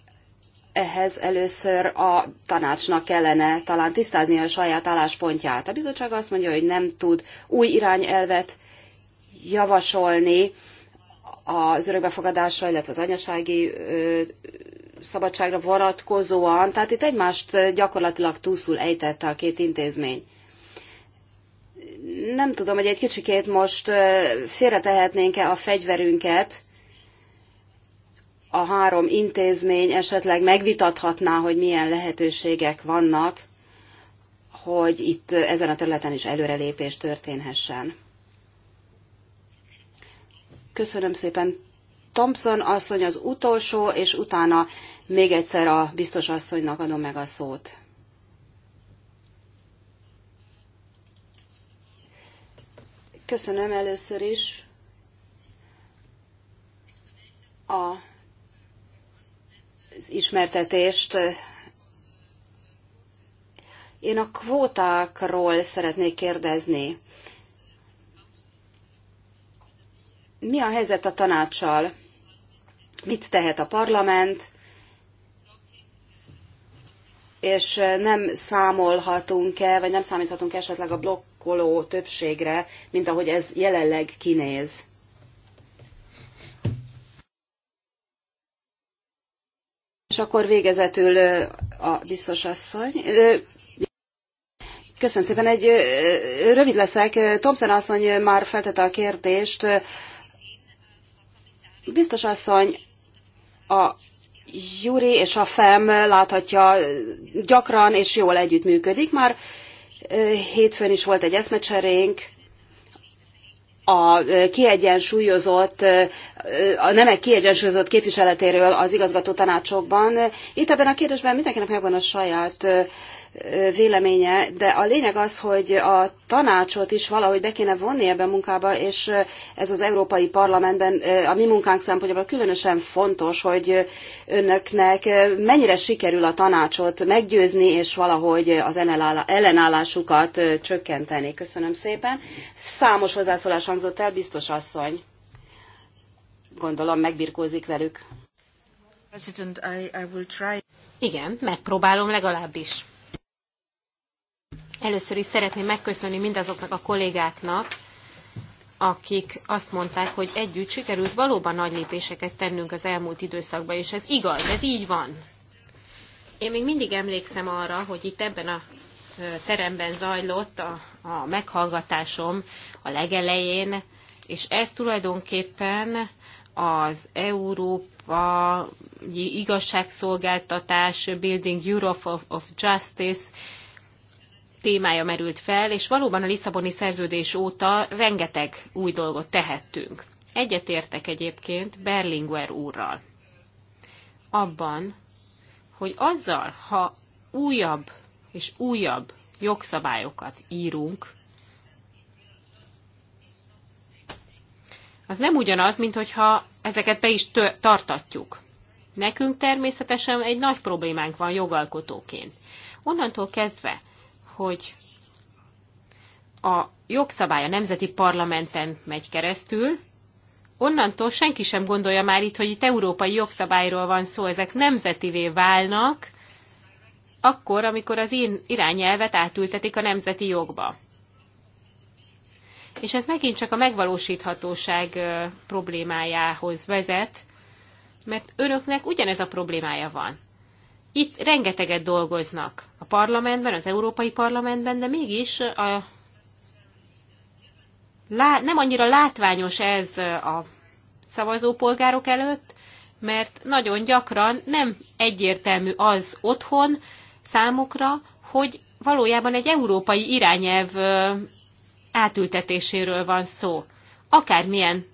ehhez először a tanácsnak kellene talán tisztázni a saját álláspontját. A bizottság azt mondja, hogy nem tud új irányelvet javasolni az örökbefogadásra, illetve az anyasági szabadságra vonatkozóan. Tehát itt egymást gyakorlatilag túszul ejtette a két intézmény. Nem tudom, hogy egy kicsikét most félretehetnénk-e a fegyverünket, a három intézmény esetleg megvitathatná, hogy milyen lehetőségek vannak, hogy itt ezen a területen is előrelépés történhessen. Köszönöm szépen. Thompson asszony az utolsó, és utána még egyszer a biztos asszonynak adom meg a szót. Köszönöm először is a ismertetést. Én a kvótákról szeretnék kérdezni. Mi a helyzet a tanácssal? Mit tehet a parlament? És nem számolhatunk-e, vagy nem számíthatunk esetleg a blokkoló többségre, mint ahogy ez jelenleg kinéz? És akkor végezetül a biztos asszony. Köszönöm szépen, egy rövid leszek. Thompson asszony már feltette a kérdést. Biztos asszony, a Júri és a FEM láthatja gyakran és jól együttműködik. Már hétfőn is volt egy eszmecserénk, a kiegyensúlyozott, a nemek kiegyensúlyozott képviseletéről az igazgató tanácsokban. Itt ebben a kérdésben mindenkinek megvan a saját véleménye, de a lényeg az, hogy a tanácsot is valahogy be kéne vonni ebbe a munkába, és ez az Európai Parlamentben a mi munkánk szempontjából különösen fontos, hogy önöknek mennyire sikerül a tanácsot meggyőzni, és valahogy az ellenállásukat csökkenteni. Köszönöm szépen. Számos hozzászólás hangzott el, biztos asszony. Gondolom megbirkózik velük. Igen, megpróbálom legalábbis. Először is szeretném megköszönni mindazoknak a kollégáknak, akik azt mondták, hogy együtt sikerült valóban nagy lépéseket tennünk az elmúlt időszakban, és ez igaz, ez így van. Én még mindig emlékszem arra, hogy itt ebben a teremben zajlott a, a meghallgatásom a legelején, és ez tulajdonképpen az Európa igazságszolgáltatás, Building Europe of, of Justice témája merült fel, és valóban a Lisszaboni szerződés óta rengeteg új dolgot tehettünk. Egyetértek egyébként Berlinguer úrral abban, hogy azzal, ha újabb és újabb jogszabályokat írunk, az nem ugyanaz, mint hogyha ezeket be is tartatjuk. Nekünk természetesen egy nagy problémánk van jogalkotóként. Onnantól kezdve, hogy a jogszabály a nemzeti parlamenten megy keresztül, onnantól senki sem gondolja már itt, hogy itt európai jogszabályról van szó, ezek nemzetivé válnak, akkor, amikor az én irányelvet átültetik a nemzeti jogba. És ez megint csak a megvalósíthatóság problémájához vezet, mert önöknek ugyanez a problémája van. Itt rengeteget dolgoznak a parlamentben, az Európai Parlamentben, de mégis a, lá, nem annyira látványos ez a szavazópolgárok előtt, mert nagyon gyakran nem egyértelmű az otthon számukra, hogy valójában egy európai irányelv átültetéséről van szó, akármilyen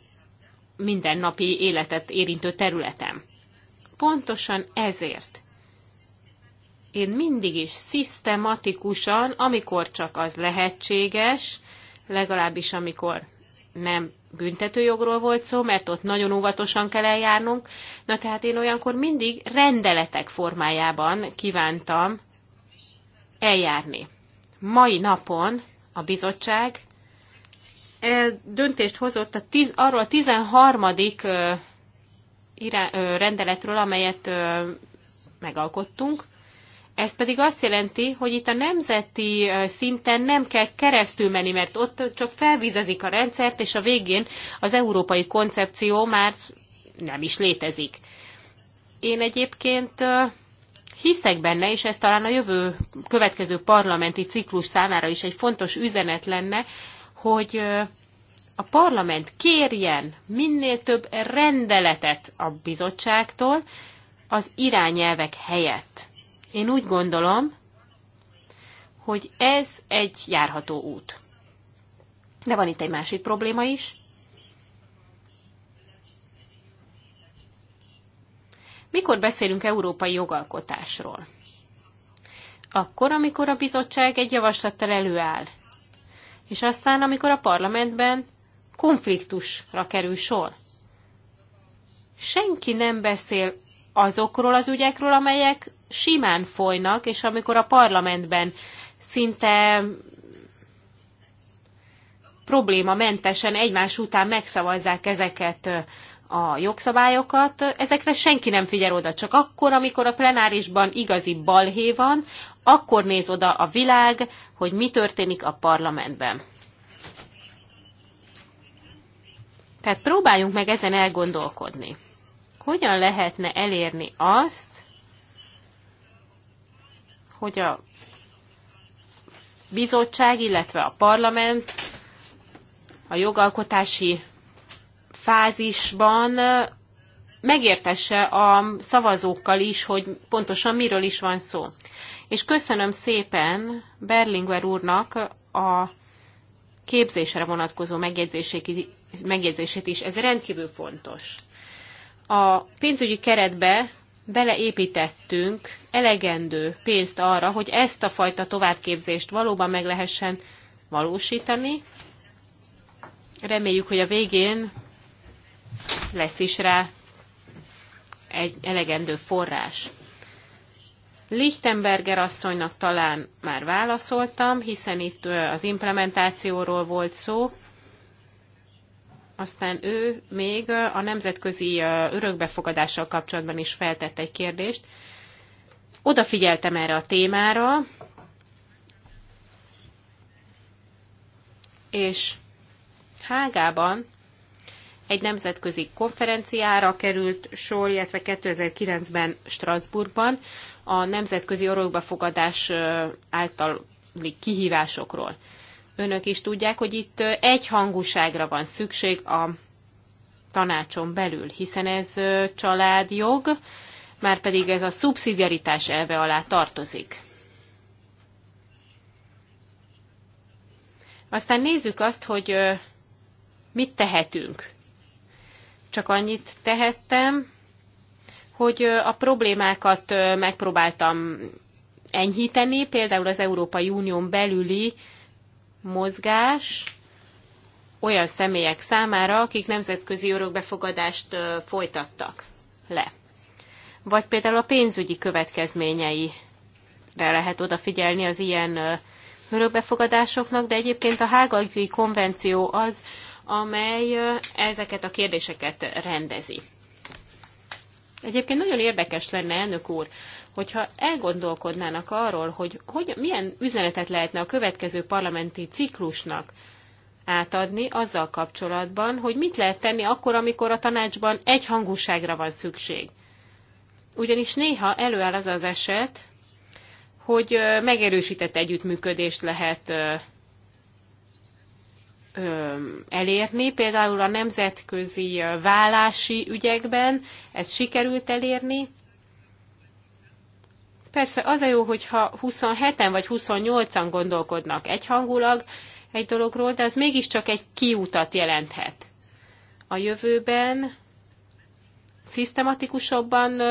mindennapi életet érintő területen. Pontosan ezért én mindig is szisztematikusan, amikor csak az lehetséges, legalábbis amikor nem büntetőjogról volt szó, mert ott nagyon óvatosan kell eljárnunk. Na tehát én olyankor mindig rendeletek formájában kívántam eljárni. Mai napon a bizottság el döntést hozott a tiz, arról a 13. rendeletről, amelyet megalkottunk, ez pedig azt jelenti, hogy itt a nemzeti szinten nem kell keresztül menni, mert ott csak felvizezik a rendszert, és a végén az európai koncepció már nem is létezik. Én egyébként hiszek benne, és ez talán a jövő következő parlamenti ciklus számára is egy fontos üzenet lenne, hogy a parlament kérjen minél több rendeletet a bizottságtól az irányelvek helyett. Én úgy gondolom, hogy ez egy járható út. De van itt egy másik probléma is. Mikor beszélünk európai jogalkotásról? Akkor, amikor a bizottság egy javaslattal előáll, és aztán, amikor a parlamentben konfliktusra kerül sor. Senki nem beszél azokról az ügyekről, amelyek simán folynak, és amikor a parlamentben szinte probléma mentesen egymás után megszavazzák ezeket a jogszabályokat, ezekre senki nem figyel oda, csak akkor, amikor a plenárisban igazi balhé van, akkor néz oda a világ, hogy mi történik a parlamentben. Tehát próbáljunk meg ezen elgondolkodni hogyan lehetne elérni azt, hogy a bizottság, illetve a parlament a jogalkotási fázisban megértesse a szavazókkal is, hogy pontosan miről is van szó. És köszönöm szépen Berlinguer úrnak a képzésre vonatkozó megjegyzését is. Ez rendkívül fontos a pénzügyi keretbe beleépítettünk elegendő pénzt arra, hogy ezt a fajta továbbképzést valóban meg lehessen valósítani. Reméljük, hogy a végén lesz is rá egy elegendő forrás. Lichtenberger asszonynak talán már válaszoltam, hiszen itt az implementációról volt szó. Aztán ő még a nemzetközi örökbefogadással kapcsolatban is feltett egy kérdést. Odafigyeltem erre a témára, és Hágában egy nemzetközi konferenciára került sor, illetve 2009-ben Strasbourgban a nemzetközi örökbefogadás által kihívásokról önök is tudják, hogy itt egy hangúságra van szükség a tanácson belül, hiszen ez családjog, már pedig ez a szubszidiaritás elve alá tartozik. Aztán nézzük azt, hogy mit tehetünk. Csak annyit tehettem, hogy a problémákat megpróbáltam enyhíteni, például az Európai Unión belüli mozgás olyan személyek számára, akik nemzetközi örökbefogadást folytattak le. Vagy például a pénzügyi következményeire lehet odafigyelni az ilyen örökbefogadásoknak, de egyébként a Hágai Konvenció az, amely ezeket a kérdéseket rendezi. Egyébként nagyon érdekes lenne, elnök úr, hogyha elgondolkodnának arról, hogy, hogy milyen üzenetet lehetne a következő parlamenti ciklusnak átadni azzal kapcsolatban, hogy mit lehet tenni akkor, amikor a tanácsban egyhangúságra van szükség. Ugyanis néha előáll az az eset, hogy megerősített együttműködést lehet elérni, például a nemzetközi vállási ügyekben ezt sikerült elérni, Persze az a jó, hogyha 27-en vagy 28-an gondolkodnak egyhangulag egy dologról, de az mégiscsak egy kiutat jelenthet. A jövőben szisztematikusabban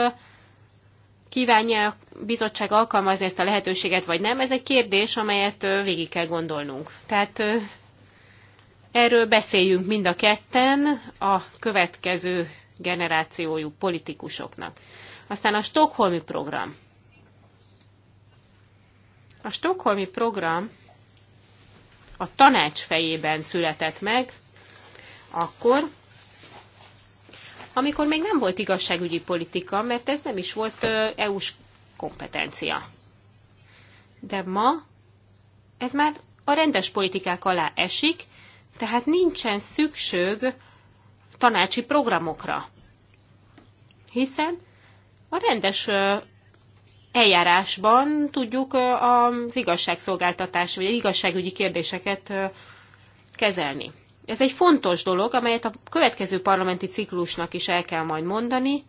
kívánja a bizottság alkalmazni ezt a lehetőséget, vagy nem, ez egy kérdés, amelyet végig kell gondolnunk. Tehát erről beszéljünk mind a ketten a következő generációjú politikusoknak. Aztán a Stockholmi program. A stokholmi program a tanács fejében született meg, akkor, amikor még nem volt igazságügyi politika, mert ez nem is volt EU-s kompetencia. De ma ez már a rendes politikák alá esik, tehát nincsen szükség tanácsi programokra. Hiszen a rendes eljárásban tudjuk az igazságszolgáltatás vagy igazságügyi kérdéseket kezelni. Ez egy fontos dolog, amelyet a következő parlamenti ciklusnak is el kell majd mondani.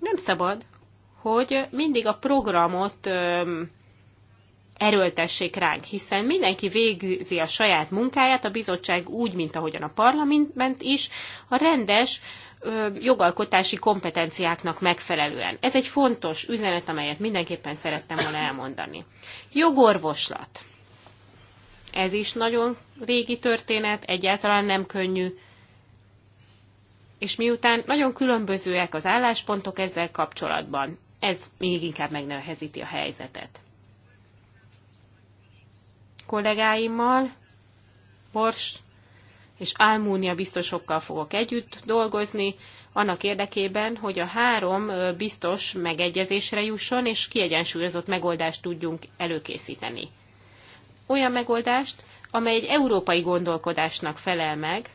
Nem szabad, hogy mindig a programot erőltessék ránk, hiszen mindenki végzi a saját munkáját, a bizottság úgy, mint ahogyan a parlament is, a rendes jogalkotási kompetenciáknak megfelelően. Ez egy fontos üzenet, amelyet mindenképpen szerettem volna elmondani. Jogorvoslat. Ez is nagyon régi történet, egyáltalán nem könnyű. És miután nagyon különbözőek az álláspontok ezzel kapcsolatban, ez még inkább megnehezíti a helyzetet. Kollégáimmal, Bors és Álmúnia biztosokkal fogok együtt dolgozni, annak érdekében, hogy a három biztos megegyezésre jusson, és kiegyensúlyozott megoldást tudjunk előkészíteni. Olyan megoldást, amely egy európai gondolkodásnak felel meg,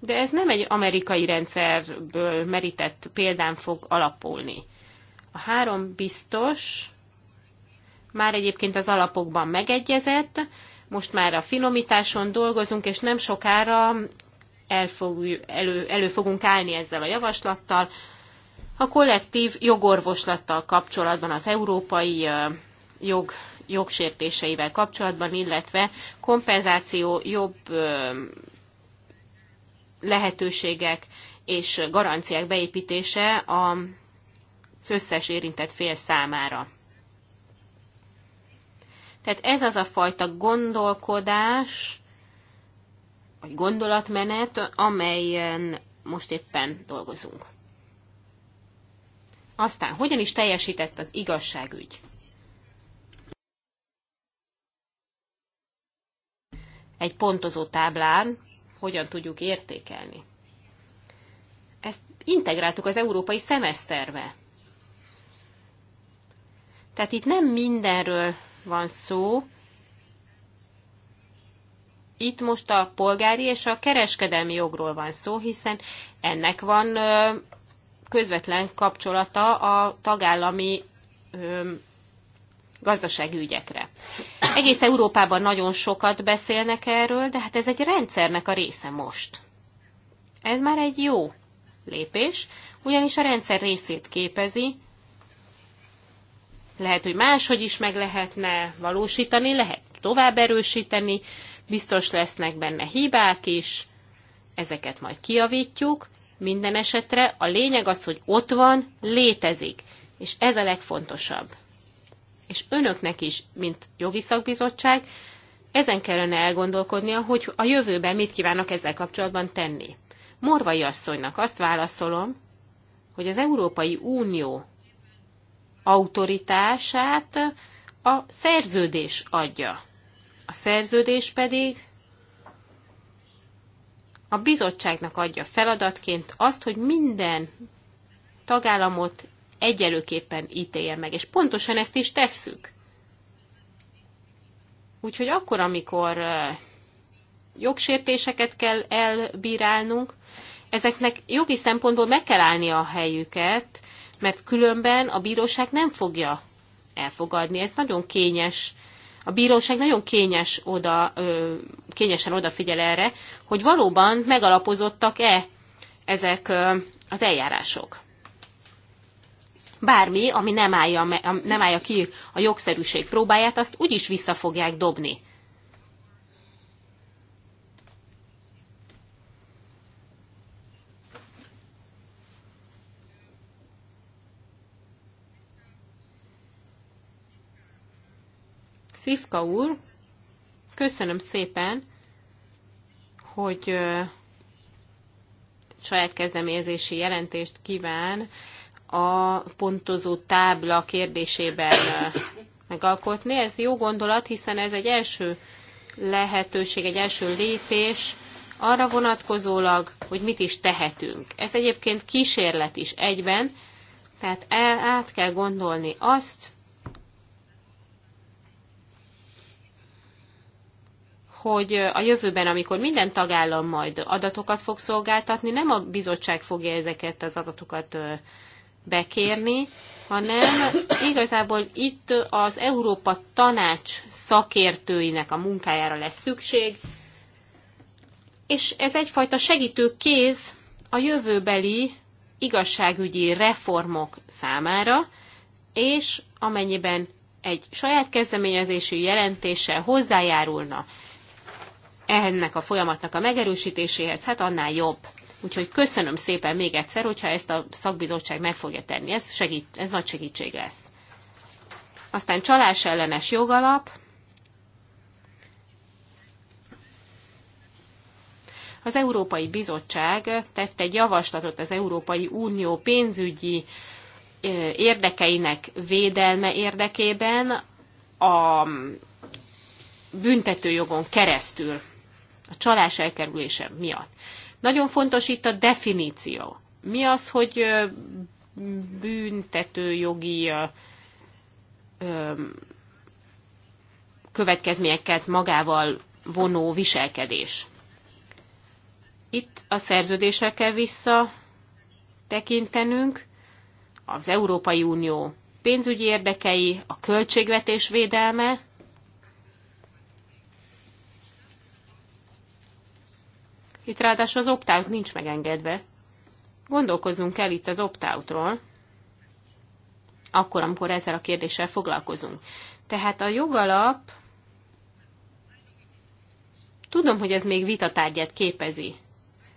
de ez nem egy amerikai rendszerből merített példán fog alapulni. A három biztos már egyébként az alapokban megegyezett, most már a finomításon dolgozunk, és nem sokára el, fog, elő, elő fogunk állni ezzel a javaslattal. A kollektív jogorvoslattal kapcsolatban az európai jog jogsértéseivel kapcsolatban, illetve kompenzáció jobb lehetőségek és garanciák beépítése az összes érintett fél számára. Tehát ez az a fajta gondolkodás, vagy gondolatmenet, amelyen most éppen dolgozunk. Aztán, hogyan is teljesített az igazságügy? Egy pontozó táblán hogyan tudjuk értékelni? Ezt integráltuk az európai szemeszterbe. Tehát itt nem mindenről van szó. Itt most a polgári és a kereskedelmi jogról van szó, hiszen ennek van közvetlen kapcsolata a tagállami gazdasági ügyekre. Egész Európában nagyon sokat beszélnek erről, de hát ez egy rendszernek a része most. Ez már egy jó lépés, ugyanis a rendszer részét képezi, lehet, hogy máshogy is meg lehetne valósítani, lehet tovább erősíteni, biztos lesznek benne hibák is, ezeket majd kiavítjuk. Minden esetre a lényeg az, hogy ott van, létezik, és ez a legfontosabb. És önöknek is, mint jogi szakbizottság, ezen kellene elgondolkodnia, hogy a jövőben mit kívánok ezzel kapcsolatban tenni. Morvai asszonynak azt válaszolom, hogy az Európai Unió autoritását a szerződés adja. A szerződés pedig a bizottságnak adja feladatként azt, hogy minden tagállamot egyelőképpen ítélje meg, és pontosan ezt is tesszük. Úgyhogy akkor, amikor jogsértéseket kell elbírálnunk, ezeknek jogi szempontból meg kell állni a helyüket, mert különben a bíróság nem fogja elfogadni. Ez nagyon kényes. A bíróság nagyon kényes oda, kényesen odafigyel erre, hogy valóban megalapozottak-e ezek az eljárások. Bármi, ami nem állja, nem állja ki a jogszerűség próbáját, azt úgyis vissza fogják dobni. Szivka úr, köszönöm szépen, hogy saját kezdeményezési jelentést kíván a pontozó tábla kérdésében megalkotni. Ez jó gondolat, hiszen ez egy első lehetőség, egy első lépés arra vonatkozólag, hogy mit is tehetünk. Ez egyébként kísérlet is egyben, tehát el, át kell gondolni azt, hogy a jövőben, amikor minden tagállam majd adatokat fog szolgáltatni, nem a bizottság fogja ezeket az adatokat bekérni, hanem igazából itt az Európa Tanács szakértőinek a munkájára lesz szükség, és ez egyfajta segítő kéz a jövőbeli igazságügyi reformok számára, és amennyiben egy saját kezdeményezésű jelentéssel hozzájárulna ennek a folyamatnak a megerősítéséhez, hát annál jobb. Úgyhogy köszönöm szépen még egyszer, hogyha ezt a szakbizottság meg fogja tenni. Ez, segít, ez nagy segítség lesz. Aztán csalás ellenes jogalap. Az Európai Bizottság tette egy javaslatot az Európai Unió pénzügyi érdekeinek védelme érdekében a büntetőjogon keresztül a csalás elkerülése miatt. Nagyon fontos itt a definíció. Mi az, hogy jogi következményeket magával vonó viselkedés. Itt a szerződésre kell visszatekintenünk, az Európai Unió pénzügyi érdekei, a költségvetés védelme, Itt ráadásul az opt nincs megengedve. Gondolkozzunk el itt az opt akkor, amikor ezzel a kérdéssel foglalkozunk. Tehát a jogalap, tudom, hogy ez még vitatárgyát képezi,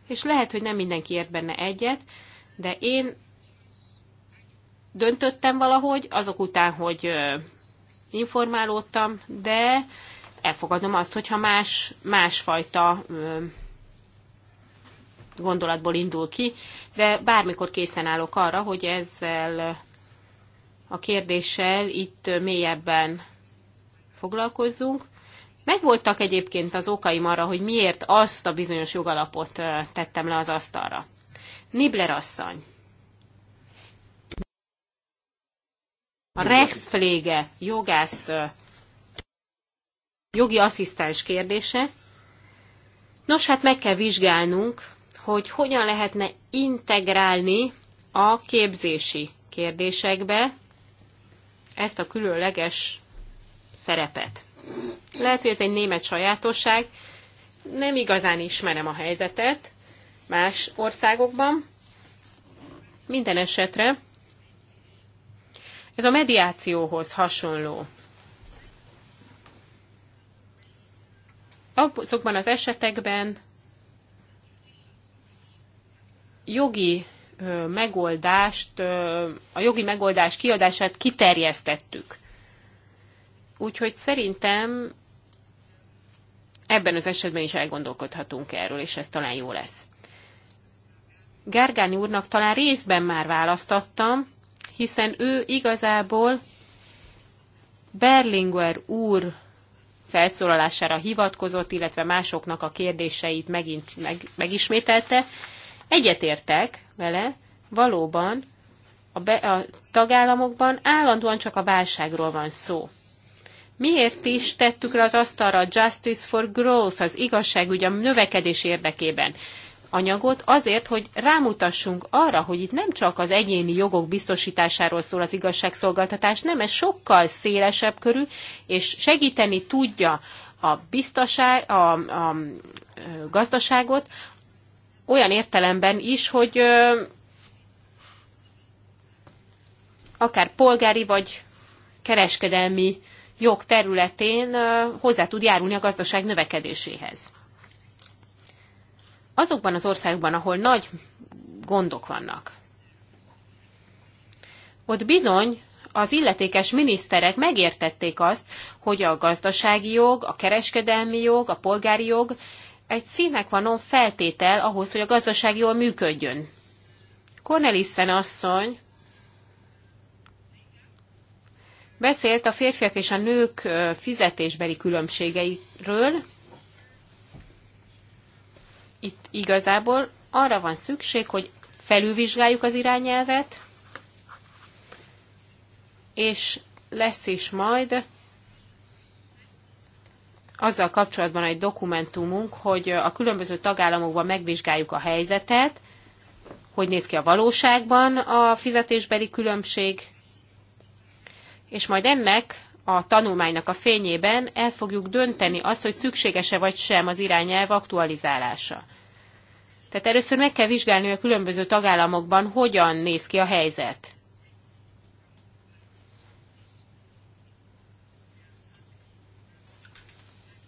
és lehet, hogy nem mindenki ért benne egyet, de én döntöttem valahogy, azok után, hogy informálódtam, de elfogadom azt, hogyha más, másfajta gondolatból indul ki, de bármikor készen állok arra, hogy ezzel a kérdéssel itt mélyebben foglalkozzunk. Megvoltak egyébként az okaim arra, hogy miért azt a bizonyos jogalapot tettem le az asztalra. Nibler asszony. A Rexpflege jogász jogi asszisztens kérdése. Nos, hát meg kell vizsgálnunk hogy hogyan lehetne integrálni a képzési kérdésekbe ezt a különleges szerepet. Lehet, hogy ez egy német sajátosság, nem igazán ismerem a helyzetet más országokban. Minden esetre ez a mediációhoz hasonló. Azokban az esetekben, jogi megoldást, a jogi megoldás kiadását kiterjesztettük. Úgyhogy szerintem ebben az esetben is elgondolkodhatunk erről, és ez talán jó lesz. Gárgány úrnak talán részben már választattam, hiszen ő igazából Berlinguer úr felszólalására hivatkozott, illetve másoknak a kérdéseit megint meg, megismételte, Egyetértek vele, valóban a, be, a tagállamokban állandóan csak a válságról van szó. Miért is tettük le az asztalra a Justice for Growth, az igazságügy a növekedés érdekében? anyagot azért, hogy rámutassunk arra, hogy itt nem csak az egyéni jogok biztosításáról szól az igazságszolgáltatás, nem, ez sokkal szélesebb körül, és segíteni tudja a, a, a, a gazdaságot olyan értelemben is, hogy akár polgári vagy kereskedelmi jog területén hozzá tud járulni a gazdaság növekedéséhez. Azokban az országokban, ahol nagy gondok vannak, ott bizony az illetékes miniszterek megértették azt, hogy a gazdasági jog, a kereskedelmi jog, a polgári jog egy színek vanon feltétel ahhoz, hogy a gazdaság jól működjön. Cornelissen asszony beszélt a férfiak és a nők fizetésbeli különbségeiről. Itt igazából arra van szükség, hogy felülvizsgáljuk az irányelvet, és lesz is majd azzal kapcsolatban egy dokumentumunk, hogy a különböző tagállamokban megvizsgáljuk a helyzetet, hogy néz ki a valóságban a fizetésbeli különbség, és majd ennek a tanulmánynak a fényében el fogjuk dönteni azt, hogy szükséges-e vagy sem az irányelv aktualizálása. Tehát először meg kell vizsgálni, a különböző tagállamokban hogyan néz ki a helyzet.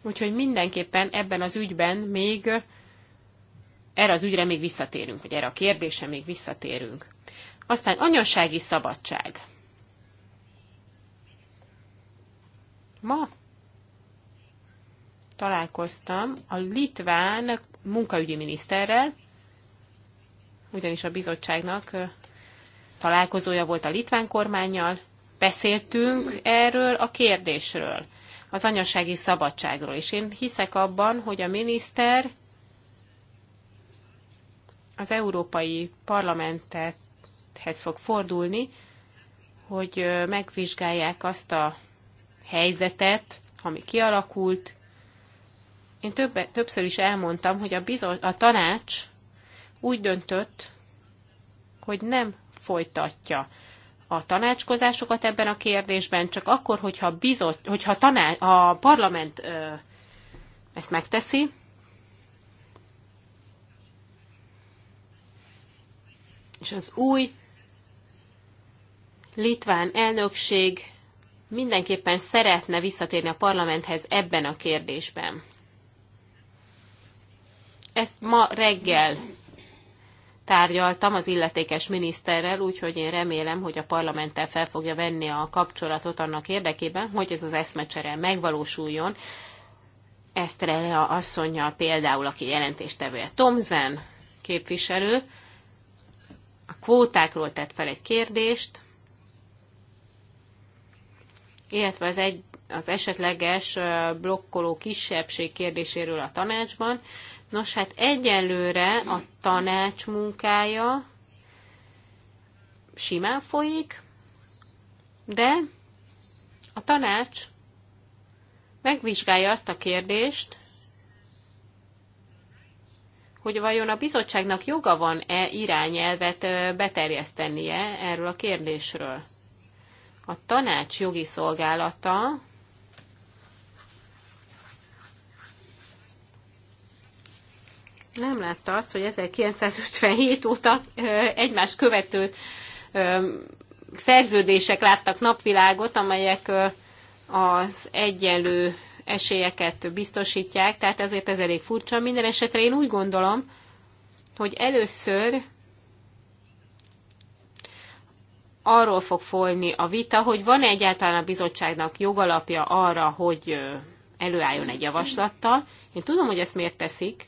Úgyhogy mindenképpen ebben az ügyben még erre az ügyre még visszatérünk, vagy erre a kérdésre még visszatérünk. Aztán anyassági szabadság. Ma találkoztam a litván munkaügyi miniszterrel, ugyanis a bizottságnak találkozója volt a litván kormányjal, beszéltünk erről a kérdésről az anyasági szabadságról. És én hiszek abban, hogy a miniszter az Európai Parlamenthez fog fordulni, hogy megvizsgálják azt a helyzetet, ami kialakult. Én több, többször is elmondtam, hogy a, bizony, a tanács úgy döntött, hogy nem folytatja a tanácskozásokat ebben a kérdésben, csak akkor, hogyha, bizot, hogyha taná, a parlament ö, ezt megteszi, és az új litván elnökség mindenképpen szeretne visszatérni a parlamenthez ebben a kérdésben. Ezt ma reggel tárgyaltam az illetékes miniszterrel, úgyhogy én remélem, hogy a parlamenttel fel fogja venni a kapcsolatot annak érdekében, hogy ez az eszmecsere megvalósuljon. Eszterele asszonynal például, aki jelentéstevője Tomzen képviselő, a kvótákról tett fel egy kérdést, illetve az, egy, az esetleges blokkoló kisebbség kérdéséről a tanácsban, Nos, hát egyelőre a tanács munkája simán folyik, de a tanács megvizsgálja azt a kérdést, hogy vajon a bizottságnak joga van-e irányelvet beterjesztenie erről a kérdésről. A tanács jogi szolgálata nem látta azt, hogy 1957 óta egymás követő szerződések láttak napvilágot, amelyek az egyenlő esélyeket biztosítják, tehát ezért ez elég furcsa. Minden esetre én úgy gondolom, hogy először arról fog folyni a vita, hogy van-e egyáltalán a bizottságnak jogalapja arra, hogy előálljon egy javaslattal. Én tudom, hogy ezt miért teszik,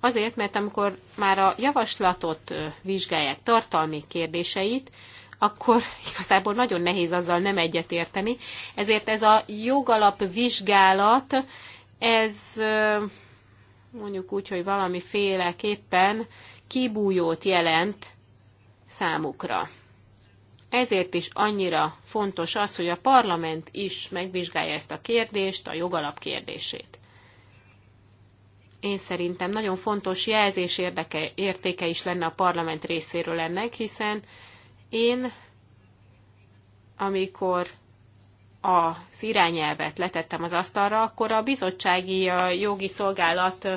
Azért, mert amikor már a javaslatot vizsgálják tartalmi kérdéseit, akkor igazából nagyon nehéz azzal nem egyetérteni. Ezért ez a jogalap vizsgálat, ez mondjuk úgy, hogy valamiféleképpen kibújót jelent számukra. Ezért is annyira fontos az, hogy a parlament is megvizsgálja ezt a kérdést, a jogalap kérdését én szerintem nagyon fontos jelzés érdeke, értéke is lenne a parlament részéről ennek, hiszen én, amikor az irányelvet letettem az asztalra, akkor a bizottsági a jogi szolgálat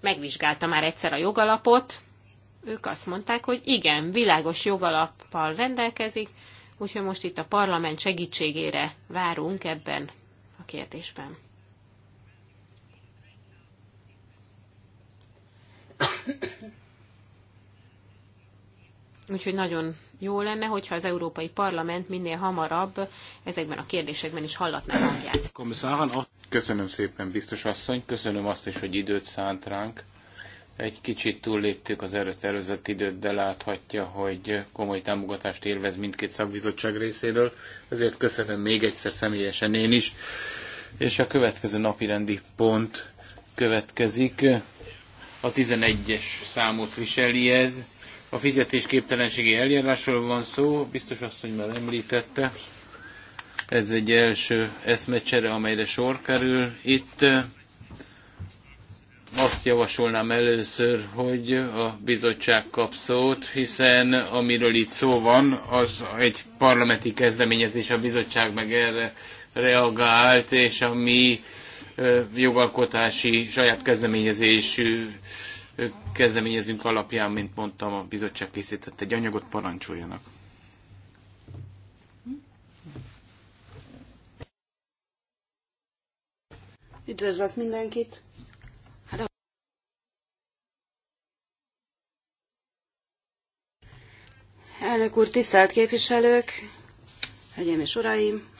megvizsgálta már egyszer a jogalapot. Ők azt mondták, hogy igen, világos jogalappal rendelkezik, úgyhogy most itt a parlament segítségére várunk ebben a kérdésben. Úgyhogy nagyon jó lenne, hogyha az Európai Parlament minél hamarabb ezekben a kérdésekben is hallatná hangját. Köszönöm szépen, biztos asszony, köszönöm azt is, hogy időt szánt ránk. Egy kicsit túlléptük az erőt előzött időt, de láthatja, hogy komoly támogatást élvez mindkét szakbizottság részéről. Ezért köszönöm még egyszer személyesen én is. És a következő napi rendi pont következik a 11-es számot viseli ez. A fizetésképtelenségi eljárásról van szó, biztos azt, hogy már említette. Ez egy első eszmecsere, amelyre sor kerül. Itt azt javasolnám először, hogy a bizottság kap szót, hiszen amiről itt szó van, az egy parlamenti kezdeményezés, a bizottság meg erre reagált, és a mi jogalkotási, saját kezdeményezésű kezdeményezünk alapján, mint mondtam, a bizottság készített egy anyagot, parancsoljanak. Üdvözlök mindenkit! Hát Elnök úr, tisztelt képviselők, hölgyeim és uraim!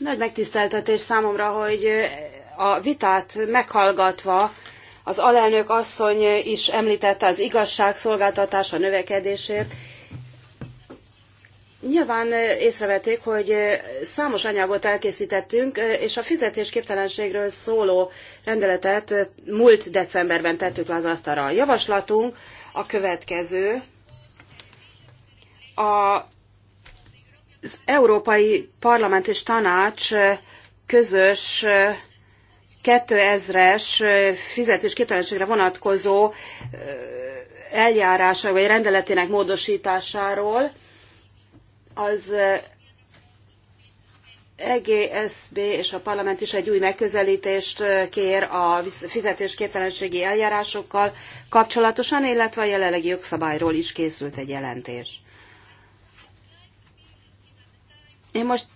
Nagy megtiszteltetés számomra, hogy a vitát meghallgatva az alelnök asszony is említette az igazságszolgáltatás a növekedésért. Nyilván észrevették, hogy számos anyagot elkészítettünk, és a fizetésképtelenségről szóló rendeletet múlt decemberben tettük le az asztalra. A javaslatunk a következő. A az Európai Parlament és Tanács közös 2000-es fizetésképtelenségre vonatkozó eljárása vagy rendeletének módosításáról az EGSB és a parlament is egy új megközelítést kér a fizetésképtelenségi eljárásokkal kapcsolatosan, illetve a jelenlegi jogszabályról is készült egy jelentés. Én most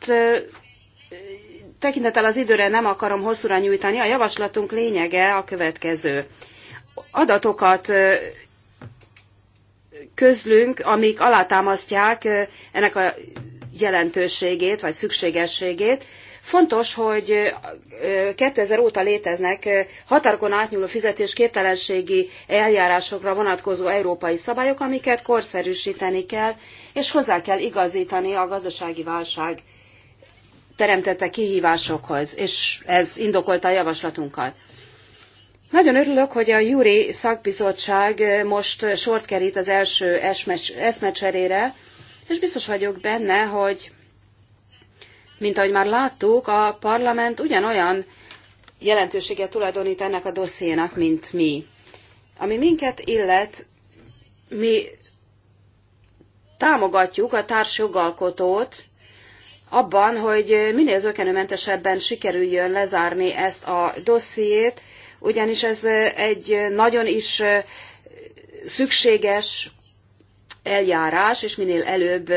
tekintettel az időre nem akarom hosszúra nyújtani, a javaslatunk lényege a következő. Adatokat közlünk, amik alátámasztják ennek a jelentőségét vagy szükségességét, Fontos, hogy 2000 óta léteznek határokon átnyúló fizetésképtelenségi eljárásokra vonatkozó európai szabályok, amiket korszerűsíteni kell, és hozzá kell igazítani a gazdasági válság teremtette kihívásokhoz, és ez indokolta a javaslatunkat. Nagyon örülök, hogy a Júri szakbizottság most sort kerít az első eszmecserére, és biztos vagyok benne, hogy mint ahogy már láttuk, a parlament ugyanolyan jelentőséget tulajdonít ennek a dossziénak, mint mi. Ami minket illet, mi támogatjuk a társjogalkotót abban, hogy minél zökenőmentesebben sikerüljön lezárni ezt a dossziét, ugyanis ez egy nagyon is szükséges eljárás, és minél előbb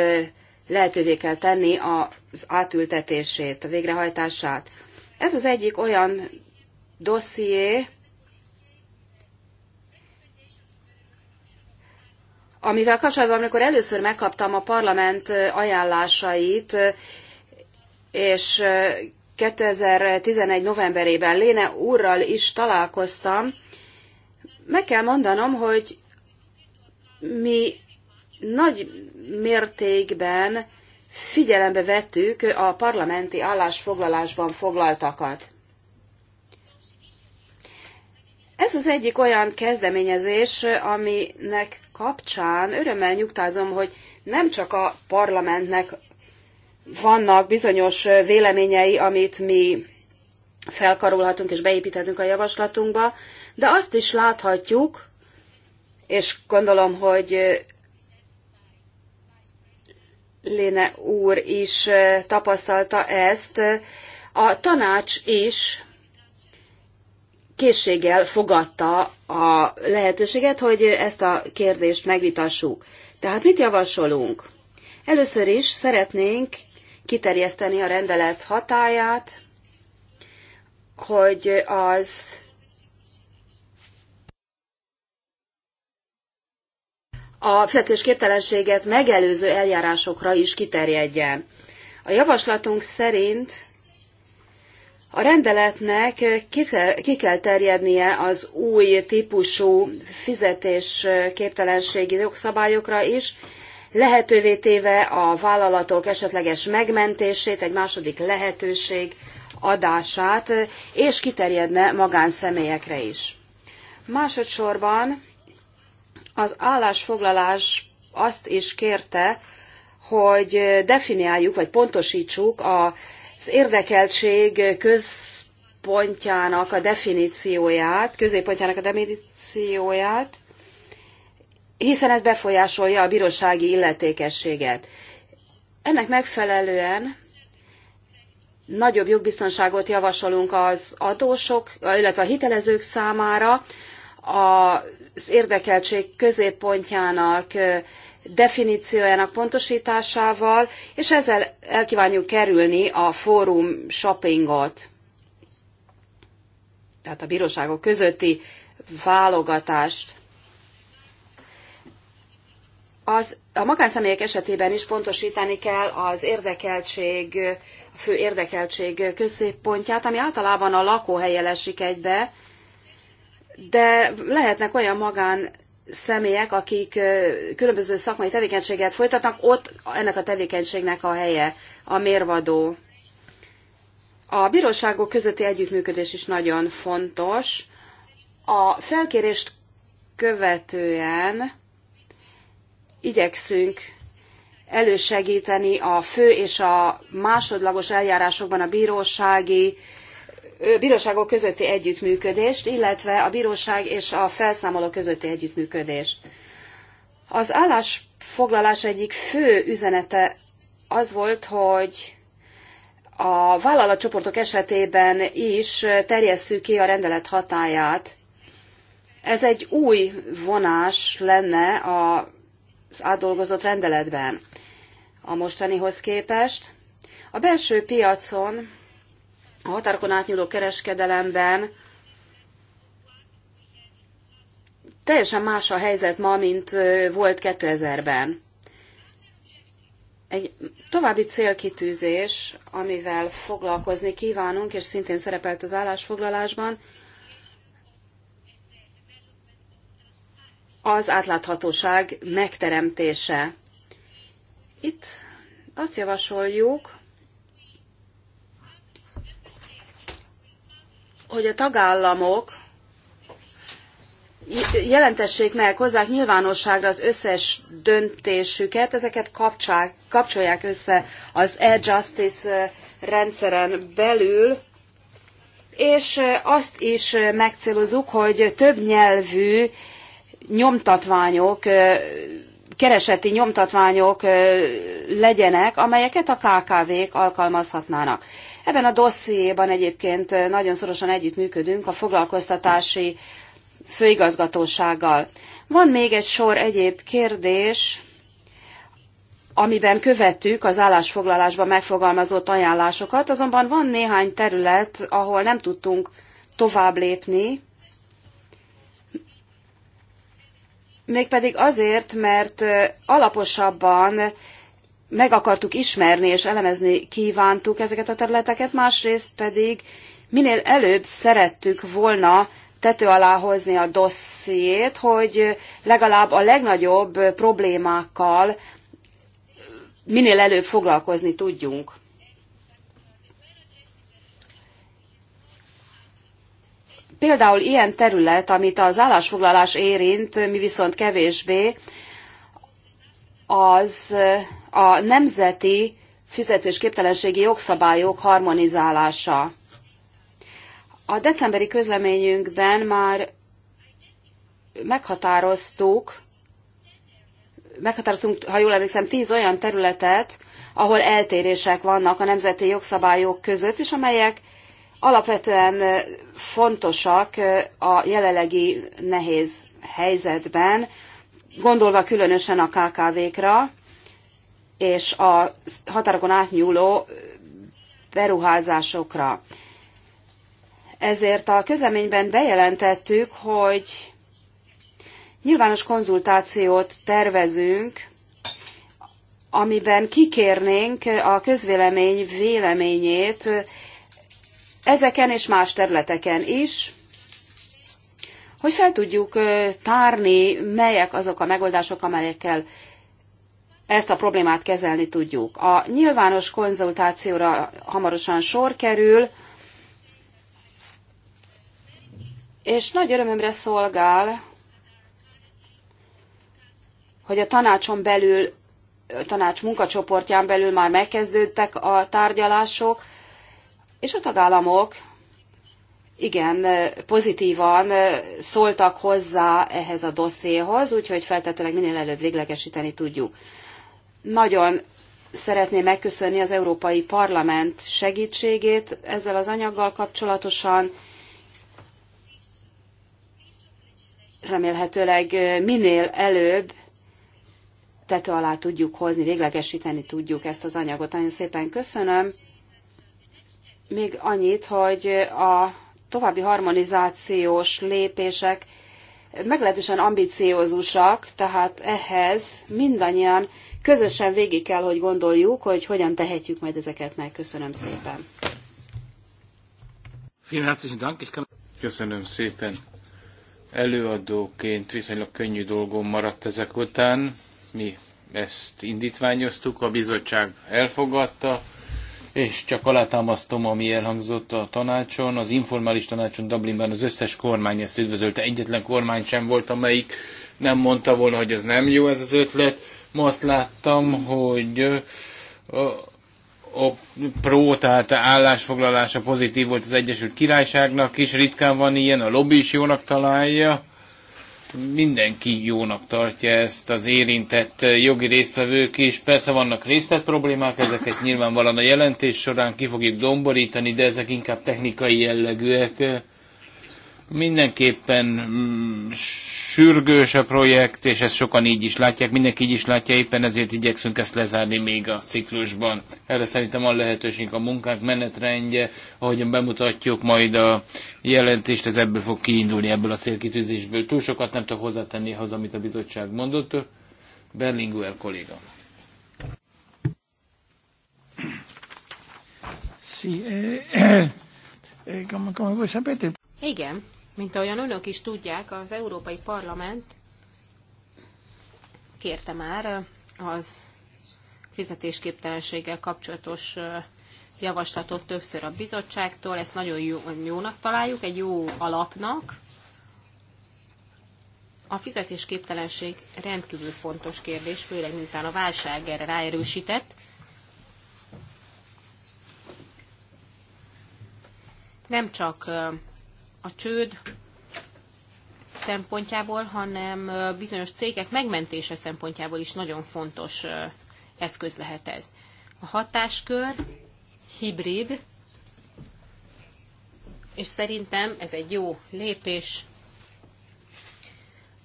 lehetővé kell tenni az átültetését, a végrehajtását. Ez az egyik olyan dosszié, amivel kapcsolatban, amikor először megkaptam a parlament ajánlásait, és 2011. novemberében Léne úrral is találkoztam, meg kell mondanom, hogy mi nagy mértékben figyelembe vettük a parlamenti állásfoglalásban foglaltakat. Ez az egyik olyan kezdeményezés, aminek kapcsán örömmel nyugtázom, hogy nem csak a parlamentnek vannak bizonyos véleményei, amit mi felkarolhatunk és beépíthetünk a javaslatunkba, de azt is láthatjuk, és gondolom, hogy Léne úr is tapasztalta ezt, a tanács is készséggel fogadta a lehetőséget, hogy ezt a kérdést megvitassuk. Tehát mit javasolunk? Először is szeretnénk kiterjeszteni a rendelet hatáját, hogy az a fizetésképtelenséget megelőző eljárásokra is kiterjedjen. A javaslatunk szerint a rendeletnek ki kell terjednie az új típusú fizetésképtelenségi jogszabályokra is, lehetővé téve a vállalatok esetleges megmentését, egy második lehetőség adását, és kiterjedne magánszemélyekre is. Másodszorban az állásfoglalás azt is kérte, hogy definiáljuk, vagy pontosítsuk az érdekeltség központjának a definícióját, középpontjának a definícióját, hiszen ez befolyásolja a bírósági illetékességet. Ennek megfelelően nagyobb jogbiztonságot javasolunk az adósok, illetve a hitelezők számára, a az érdekeltség középpontjának definíciójának pontosításával, és ezzel elkívánjuk kerülni a fórum shoppingot, tehát a bíróságok közötti válogatást. Az, a magánszemélyek esetében is pontosítani kell az érdekeltség, a fő érdekeltség középpontját, ami általában a lakóhelye esik egybe, de lehetnek olyan magán személyek, akik különböző szakmai tevékenységet folytatnak, ott ennek a tevékenységnek a helye, a mérvadó. A bíróságok közötti együttműködés is nagyon fontos. A felkérést követően igyekszünk elősegíteni a fő és a másodlagos eljárásokban a bírósági bíróságok közötti együttműködést, illetve a bíróság és a felszámoló közötti együttműködést. Az állásfoglalás egyik fő üzenete az volt, hogy a vállalatcsoportok esetében is terjesszük ki a rendelet hatáját. Ez egy új vonás lenne az átdolgozott rendeletben a mostanihoz képest. A belső piacon a határokon átnyúló kereskedelemben teljesen más a helyzet ma, mint volt 2000-ben. Egy további célkitűzés, amivel foglalkozni kívánunk, és szintén szerepelt az állásfoglalásban, az átláthatóság megteremtése. Itt azt javasoljuk, hogy a tagállamok jelentessék meg, hozzák nyilvánosságra az összes döntésüket, ezeket kapcsák, kapcsolják össze az e-justice eh, rendszeren belül, és eh, azt is eh, megcélozzuk, hogy több nyelvű nyomtatványok, kereseti nyomtatványok legyenek, amelyeket a KKV-k alkalmazhatnának. Ebben a dossziéban egyébként eh, nagyon szorosan együttműködünk a foglalkoztatási főigazgatósággal. Van még egy sor egyéb kérdés, amiben követtük az állásfoglalásban megfogalmazott ajánlásokat, azonban van néhány terület, ahol nem tudtunk tovább lépni, mégpedig azért, mert eh, alaposabban meg akartuk ismerni és elemezni kívántuk ezeket a területeket, másrészt pedig minél előbb szerettük volna tető alá hozni a dossziét, hogy legalább a legnagyobb problémákkal minél előbb foglalkozni tudjunk. Például ilyen terület, amit az állásfoglalás érint, mi viszont kevésbé, az a nemzeti fizetésképtelenségi jogszabályok harmonizálása. A decemberi közleményünkben már meghatároztuk, meghatároztunk, ha jól emlékszem, tíz olyan területet, ahol eltérések vannak a nemzeti jogszabályok között, és amelyek alapvetően fontosak a jelenlegi nehéz helyzetben, gondolva különösen a KKV-kra, és a határokon átnyúló beruházásokra. Ezért a közleményben bejelentettük, hogy nyilvános konzultációt tervezünk, amiben kikérnénk a közvélemény véleményét ezeken és más területeken is, hogy fel tudjuk tárni, melyek azok a megoldások, amelyekkel ezt a problémát kezelni tudjuk. A nyilvános konzultációra hamarosan sor kerül, és nagy örömömre szolgál, hogy a tanácson belül, a tanács munkacsoportján belül már megkezdődtek a tárgyalások, és a tagállamok igen pozitívan szóltak hozzá ehhez a dosszéhoz, úgyhogy feltetőleg minél előbb véglegesíteni tudjuk. Nagyon szeretném megköszönni az Európai Parlament segítségét ezzel az anyaggal kapcsolatosan. Remélhetőleg minél előbb tető alá tudjuk hozni, véglegesíteni tudjuk ezt az anyagot. Nagyon szépen köszönöm. Még annyit, hogy a további harmonizációs lépések meglehetősen ambiciózusak, tehát ehhez mindannyian közösen végig kell, hogy gondoljuk, hogy hogyan tehetjük majd ezeket meg. Köszönöm szépen. Köszönöm szépen. Előadóként viszonylag könnyű dolgom maradt ezek után. Mi ezt indítványoztuk, a bizottság elfogadta, és csak alátámasztom, ami elhangzott a tanácson, az informális tanácson Dublinben az összes kormány ezt üdvözölte, egyetlen kormány sem volt, amelyik nem mondta volna, hogy ez nem jó ez az ötlet. Ma azt láttam, hogy a pró, tehát állásfoglalása pozitív volt az Egyesült Királyságnak is, ritkán van ilyen, a lobby is jónak találja mindenki jónak tartja ezt, az érintett eh, jogi résztvevők is. Persze vannak részlet problémák ezeket nyilvánvalóan a jelentés során ki fogjuk domborítani, de ezek inkább technikai jellegűek Mindenképpen mm, sürgős a projekt, és ezt sokan így is látják, mindenki így is látja, éppen ezért igyekszünk ezt lezárni még a ciklusban. Erre szerintem a lehetőség a munkánk menetrendje, ahogyan bemutatjuk majd a jelentést, ez ebből fog kiindulni, ebből a célkitűzésből. Túl sokat nem tudok hozzátenni az, amit a bizottság mondott. Berlinguer kolléga. Sì, eh, eh, Igen, mint ahogyan önök is tudják, az Európai Parlament kérte már az fizetésképtelenséggel kapcsolatos javaslatot többször a bizottságtól, ezt nagyon jó, jónak találjuk, egy jó alapnak. A fizetésképtelenség rendkívül fontos kérdés, főleg miután a válság erre ráerősített. Nem csak a csőd szempontjából, hanem bizonyos cégek megmentése szempontjából is nagyon fontos eszköz lehet ez. A hatáskör hibrid, és szerintem ez egy jó lépés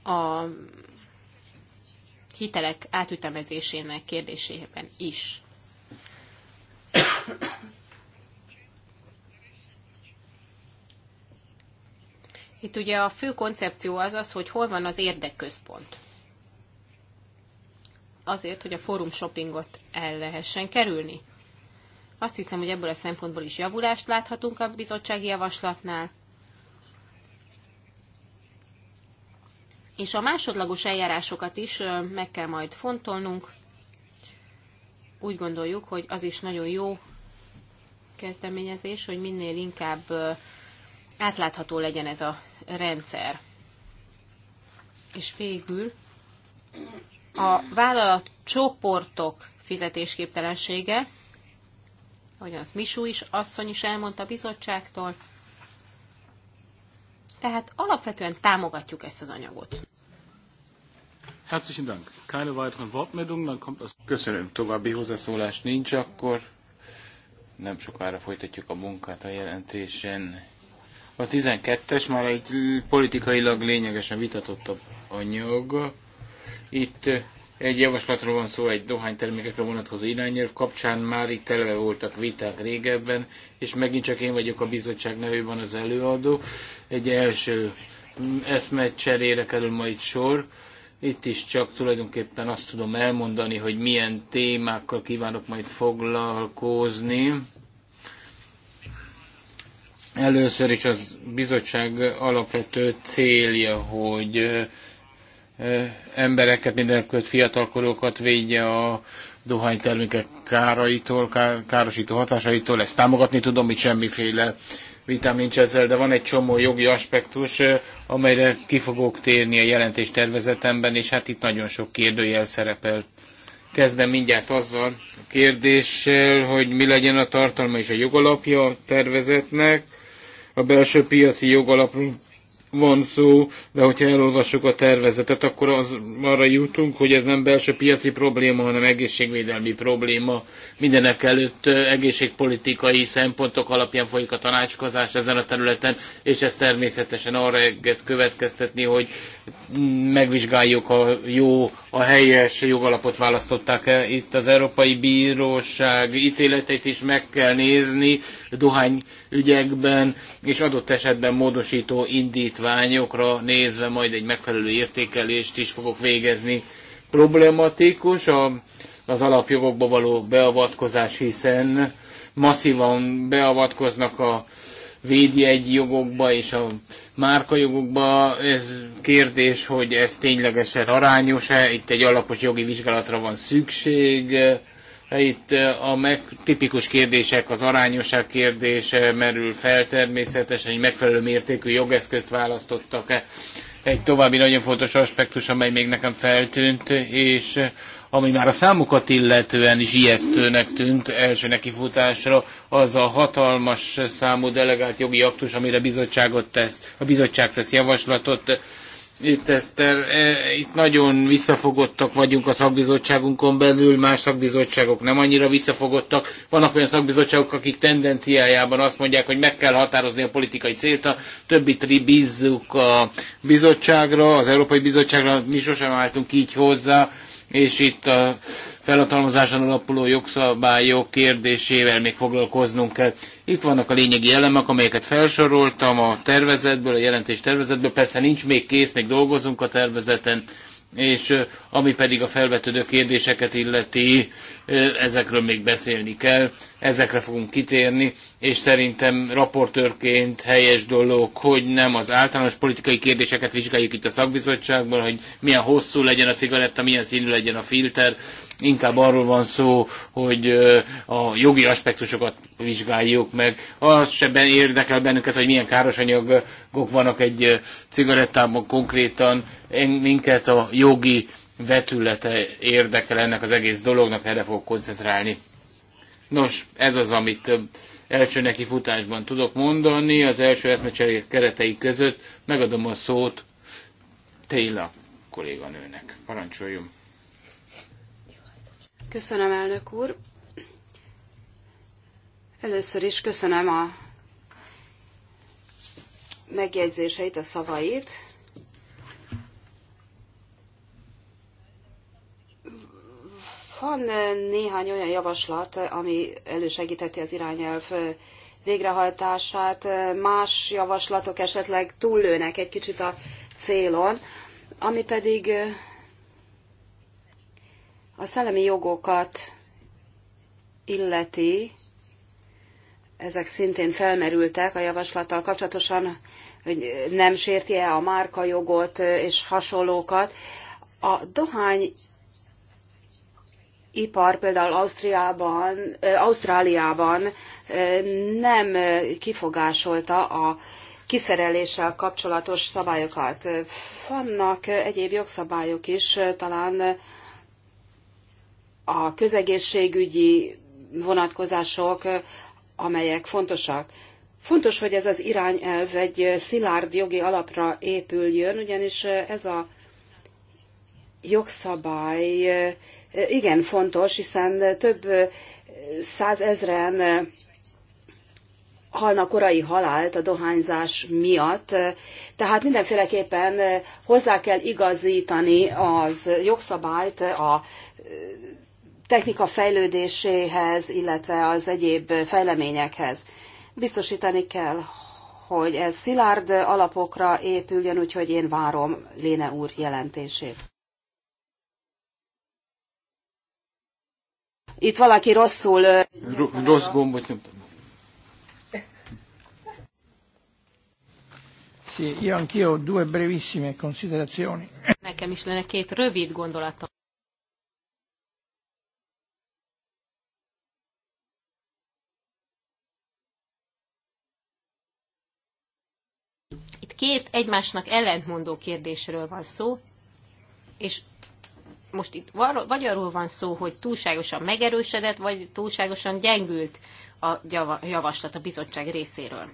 a hitelek átütemezésének kérdésében is. Itt ugye a fő koncepció az az, hogy hol van az érdekközpont. Azért, hogy a fórum shoppingot el lehessen kerülni. Azt hiszem, hogy ebből a szempontból is javulást láthatunk a bizottsági javaslatnál. És a másodlagos eljárásokat is meg kell majd fontolnunk. Úgy gondoljuk, hogy az is nagyon jó kezdeményezés, hogy minél inkább átlátható legyen ez a rendszer. És végül a vállalat csoportok fizetésképtelensége, ahogy az Misú is, asszony is elmondta a bizottságtól. Tehát alapvetően támogatjuk ezt az anyagot. Herzlichen Dank. Keine weiteren Wortmeldungen, dann kommt das... Köszönöm, további hozzászólás nincs, akkor nem sokára folytatjuk a munkát a jelentésen. A 12-es már egy politikailag lényegesen vitatottabb anyag. Itt egy javaslatról van szó, egy dohánytermékekre vonatkozó irányelv kapcsán már itt eleve voltak viták régebben, és megint csak én vagyok a bizottság nevében az előadó. Egy első eszmet cserére kerül majd sor. Itt is csak tulajdonképpen azt tudom elmondani, hogy milyen témákkal kívánok majd foglalkozni Először is az bizottság alapvető célja, hogy embereket, mindenkült fiatalkorúkat védje a dohánytermékek káraitól, károsító hatásaitól. Ezt támogatni tudom, hogy semmiféle vitám nincs ezzel, de van egy csomó jogi aspektus, amelyre ki fogok térni a jelentés tervezetemben, és hát itt nagyon sok kérdőjel szerepel. Kezdem mindjárt azzal a kérdéssel, hogy mi legyen a tartalma és a jogalapja a tervezetnek a belső piaci jogalapról van szó, de hogyha elolvassuk a tervezetet, akkor az, arra jutunk, hogy ez nem belső piaci probléma, hanem egészségvédelmi probléma. Mindenek előtt egészségpolitikai szempontok alapján folyik a tanácskozás ezen a területen, és ez természetesen arra egyet következtetni, hogy megvizsgáljuk a jó, a helyes jogalapot választották-e. Itt az Európai Bíróság ítéleteit is meg kell nézni, dohány ügyekben, és adott esetben módosító indítványokra nézve majd egy megfelelő értékelést is fogok végezni. Problematikus a, az alapjogokba való beavatkozás, hiszen masszívan beavatkoznak a védjegy jogokba és a márkajogokba. Ez kérdés, hogy ez ténylegesen arányos-e, itt egy alapos jogi vizsgálatra van szükség, itt eh, a meg, tipikus kérdések, az arányosság kérdése merül fel természetesen, egy megfelelő mértékű jogeszközt választottak-e. Egy további nagyon fontos aspektus, amely még nekem feltűnt, és eh, ami már a számokat illetően is ijesztőnek tűnt első nekifutásra, az a hatalmas számú delegált jogi aktus, amire bizottságot tesz, a bizottság tesz javaslatot itt, Eszter, e, itt nagyon visszafogottak vagyunk a szakbizottságunkon belül, más szakbizottságok nem annyira visszafogottak. Vannak olyan szakbizottságok, akik tendenciájában azt mondják, hogy meg kell határozni a politikai célt, a többit bízzuk a bizottságra, az Európai Bizottságra, mi sosem álltunk így hozzá és itt a felhatalmazáson alapuló jogszabályok kérdésével még foglalkoznunk kell. Itt vannak a lényegi elemek, amelyeket felsoroltam a tervezetből, a jelentés tervezetből. Persze nincs még kész, még dolgozunk a tervezeten, és ami pedig a felvetődő kérdéseket illeti, ezekről még beszélni kell, ezekre fogunk kitérni, és szerintem raportőrként helyes dolog, hogy nem az általános politikai kérdéseket vizsgáljuk itt a szakbizottságban, hogy milyen hosszú legyen a cigaretta, milyen színű legyen a filter, Inkább arról van szó, hogy a jogi aspektusokat vizsgáljuk meg. Az sebben érdekel bennünket, hogy milyen káros anyagok vannak egy cigarettában konkrétan. Minket a jogi vetülete érdekel ennek az egész dolognak, erre fogok koncentrálni. Nos, ez az, amit első neki futásban tudok mondani, az első eszmecserék keretei között megadom a szót Téla kolléganőnek. Parancsoljunk! Köszönöm, elnök úr. Először is köszönöm a megjegyzéseit, a szavait. Van néhány olyan javaslat, ami elősegíteti az irányelv végrehajtását, más javaslatok esetleg túllőnek egy kicsit a célon, ami pedig a szellemi jogokat illeti, ezek szintén felmerültek a javaslattal kapcsolatosan, hogy nem sérti-e a márka jogot és hasonlókat. A dohány ipar például Ausztriában, Ausztráliában nem kifogásolta a kiszereléssel kapcsolatos szabályokat. Vannak egyéb jogszabályok is, talán a közegészségügyi vonatkozások, amelyek fontosak. Fontos, hogy ez az irányelv egy szilárd jogi alapra épüljön, ugyanis ez a jogszabály igen fontos, hiszen több százezren halnak korai halált a dohányzás miatt, tehát mindenféleképpen hozzá kell igazítani az jogszabályt a technika fejlődéséhez, illetve az egyéb fejleményekhez. Biztosítani kell, hogy ez szilárd alapokra épüljön, úgyhogy én várom Léne úr jelentését. Itt valaki rosszul... Rossz gombot nyomtam. Sì, io anch'io ho due brevissime considerazioni. Nekem is lenne két rövid gondolatom. két egymásnak ellentmondó kérdésről van szó, és most itt vagy arról van szó, hogy túlságosan megerősedett, vagy túlságosan gyengült a javaslat a bizottság részéről.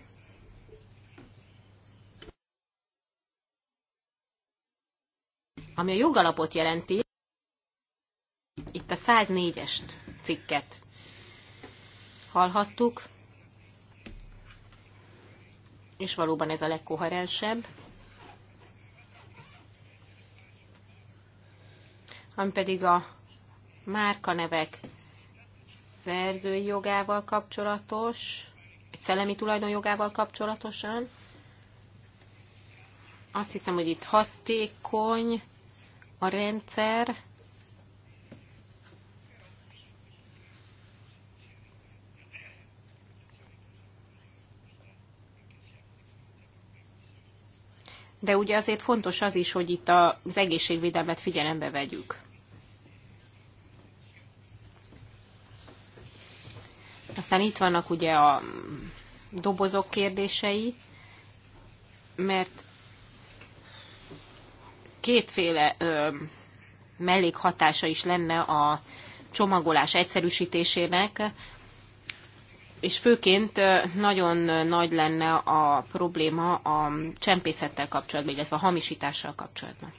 Ami a jogalapot jelenti, itt a 104-est cikket hallhattuk, és valóban ez a legkoherensebb. Ami pedig a márkanevek szerzői jogával kapcsolatos, egy szellemi jogával kapcsolatosan. Azt hiszem, hogy itt hatékony a rendszer, de ugye azért fontos az is, hogy itt az egészségvédelmet figyelembe vegyük. Aztán itt vannak ugye a dobozok kérdései, mert kétféle ö, mellékhatása is lenne a csomagolás egyszerűsítésének, és főként nagyon nagy lenne a probléma a csempészettel kapcsolatban, illetve a hamisítással kapcsolatban.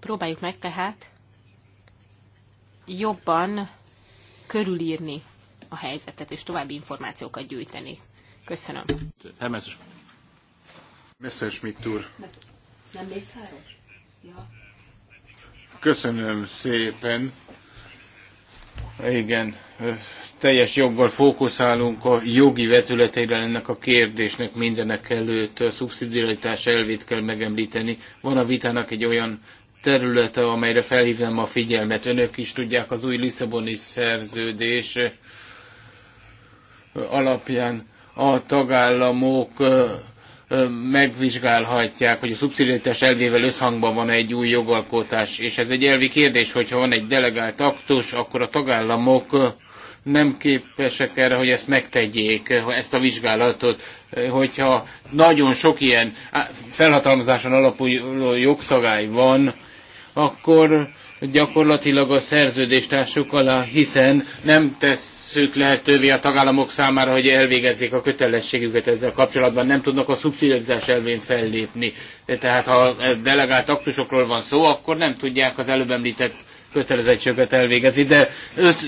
Próbáljuk meg tehát jobban körülírni a helyzetet, és további információkat gyűjteni. Köszönöm. Hermes. Messerschmitt úr. Nem lészáros? Ja. Köszönöm szépen. Igen, teljes joggal fókuszálunk a jogi vetületére ennek a kérdésnek mindenek előtt a szubszidiaritás elvét kell megemlíteni. Van a vitának egy olyan területe, amelyre felhívnám a figyelmet. Önök is tudják, az új Lisszaboni szerződés alapján a tagállamok megvizsgálhatják, hogy a szubszidiaritás elvével összhangban van egy új jogalkotás, és ez egy elvi kérdés, hogyha van egy delegált aktus, akkor a tagállamok nem képesek erre, hogy ezt megtegyék, ezt a vizsgálatot, hogyha nagyon sok ilyen felhatalmazáson alapuló jogszabály van, akkor gyakorlatilag a szerződéstársuk alá, hiszen nem tesszük lehetővé a tagállamok számára, hogy elvégezzék a kötelességüket ezzel kapcsolatban, nem tudnak a szubszidizás elvén fellépni. Tehát ha delegált aktusokról van szó, akkor nem tudják az előbb említett kötelezettséget elvégezni, de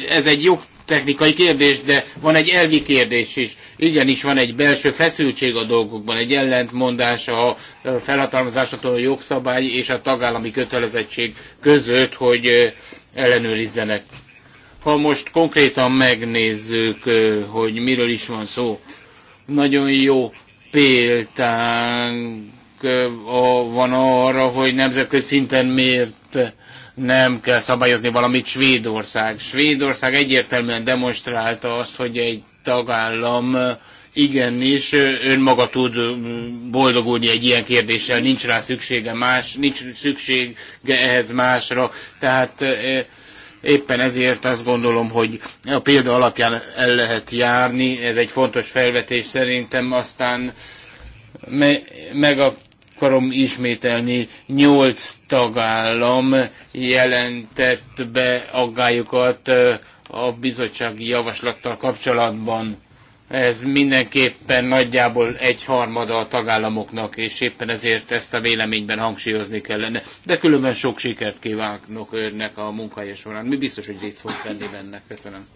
ez egy jog, technikai kérdés, de van egy elvi kérdés is. Igenis van egy belső feszültség a dolgokban, egy ellentmondás a felhatalmazásától jogszabály és a tagállami kötelezettség között, hogy ellenőrizzenek. Ha most konkrétan megnézzük, hogy miről is van szó, nagyon jó példánk van arra, hogy nemzetközi szinten miért nem kell szabályozni valamit Svédország. Svédország egyértelműen demonstrálta azt, hogy egy tagállam igenis önmaga tud boldogulni egy ilyen kérdéssel, nincs rá szüksége más, nincs szüksége ehhez másra, tehát éppen ezért azt gondolom, hogy a példa alapján el lehet járni, ez egy fontos felvetés szerintem, aztán meg a akarom ismételni, nyolc tagállam jelentett be aggályokat a bizottsági javaslattal kapcsolatban. Ez mindenképpen nagyjából egy harmada a tagállamoknak, és éppen ezért ezt a véleményben hangsúlyozni kellene. De különben sok sikert kívánok önnek a munkája során. Mi biztos, hogy részt fog venni benne. Köszönöm.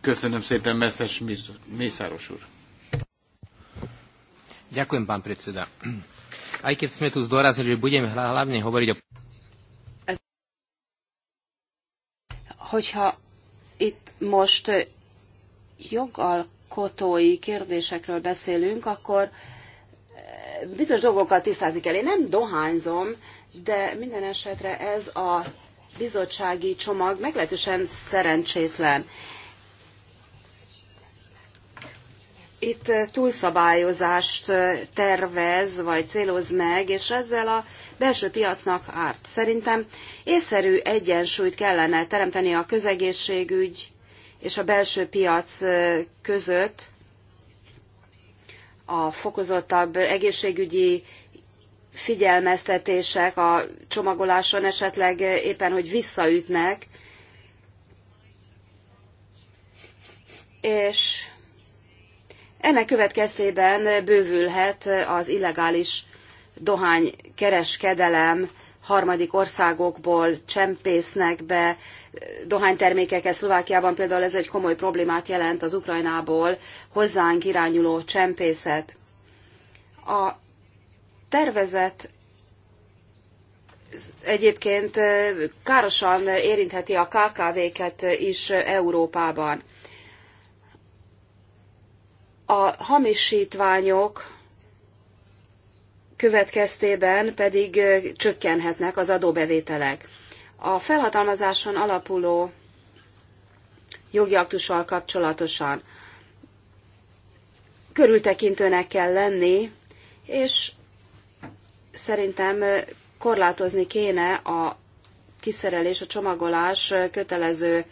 Köszönöm szépen, Messzes Mészáros úr. Ďakujem, pán predseda. Aj keď sme tu zdôraznili, že budeme hlavne hovoriť o... Hogyha itt most jogalkotói kérdésekről beszélünk, akkor eh, bizonyos dolgokat tisztázni kell. Én nem dohányzom, de minden esetre ez a bizottsági csomag meglehetősen szerencsétlen. itt eh, túlszabályozást eh, tervez, vagy céloz meg, és ezzel a belső piacnak árt. Szerintem észszerű egyensúlyt kellene teremteni a közegészségügy és a belső piac eh, között a fokozottabb egészségügyi figyelmeztetések a csomagoláson esetleg éppen, hogy visszaütnek, és ennek következtében bővülhet az illegális dohánykereskedelem harmadik országokból csempésznek be dohánytermékeket. Szlovákiában például ez egy komoly problémát jelent az Ukrajnából hozzánk irányuló csempészet. A tervezet egyébként károsan érintheti a KKV-ket is Európában. A hamisítványok következtében pedig csökkenhetnek az adóbevételek. A felhatalmazáson alapuló jogi aktussal kapcsolatosan körültekintőnek kell lenni, és szerintem korlátozni kéne a kiszerelés, a csomagolás kötelező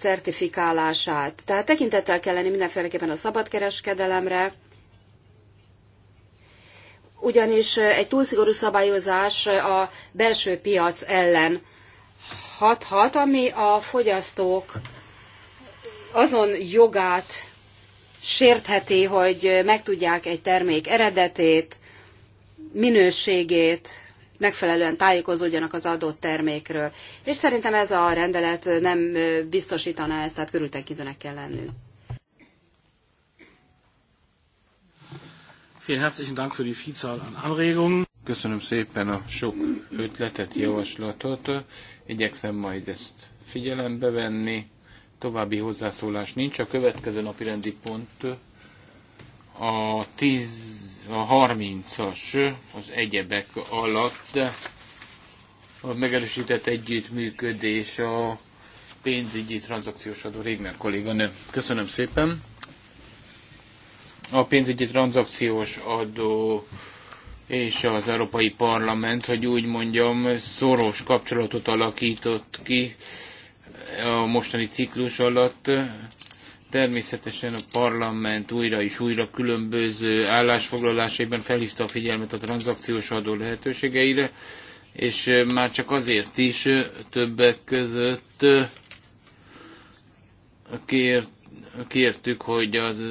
certifikálását. Tehát tekintettel kell lenni mindenféleképpen a szabadkereskedelemre, ugyanis egy túl szigorú szabályozás a belső piac ellen hathat, ami a fogyasztók azon jogát sértheti, hogy megtudják egy termék eredetét, minőségét, megfelelően tájékozódjanak az adott termékről. És szerintem ez a rendelet nem biztosítaná ezt, tehát körültekintőnek kell lennünk. Köszönöm szépen a sok ötletet, javaslatot. Igyekszem majd ezt figyelembe venni. További hozzászólás nincs. A következő napi rendi pont a 10 a 30-as az egyebek alatt a megerősített együttműködés a pénzügyi tranzakciós adó Régner kolléganő. Köszönöm szépen. A pénzügyi tranzakciós adó és az Európai Parlament, hogy úgy mondjam, szoros kapcsolatot alakított ki a mostani ciklus alatt Természetesen a parlament újra és újra különböző állásfoglalásaiban felhívta a figyelmet a tranzakciós adó lehetőségeire, és már csak azért is többek között kért kértük, hogy az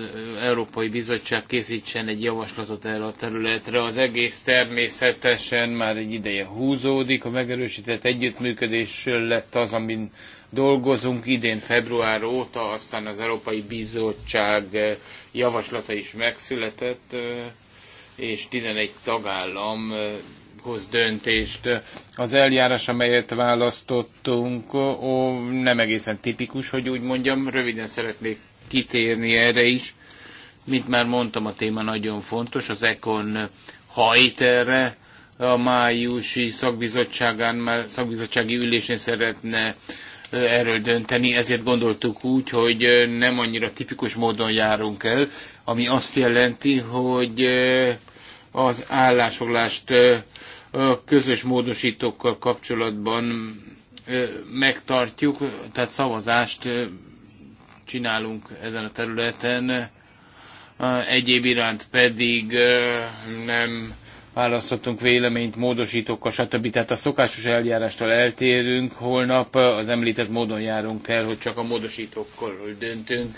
Európai Bizottság készítsen egy javaslatot erre a területre. Az egész természetesen már egy ideje húzódik, a megerősített együttműködés lett az, amin dolgozunk idén február óta, aztán az Európai Bizottság eh, javaslata is megszületett, eh, és 11 tagállam eh, hoz döntést. Az eljárás, amelyet választottunk, ó, nem egészen tipikus, hogy úgy mondjam, röviden szeretnék kitérni erre is. Mint már mondtam, a téma nagyon fontos, az ECON hajt erre, a májusi szakbizottságán, már szakbizottsági ülésén szeretne erről dönteni, ezért gondoltuk úgy, hogy nem annyira tipikus módon járunk el, ami azt jelenti, hogy az állásfoglást a közös módosítókkal kapcsolatban megtartjuk, tehát szavazást csinálunk ezen a területen, egyéb iránt pedig nem választottunk véleményt, módosítókkal, stb. Tehát a szokásos eljárástól eltérünk, holnap az említett módon járunk el, hogy csak a módosítókkal döntünk.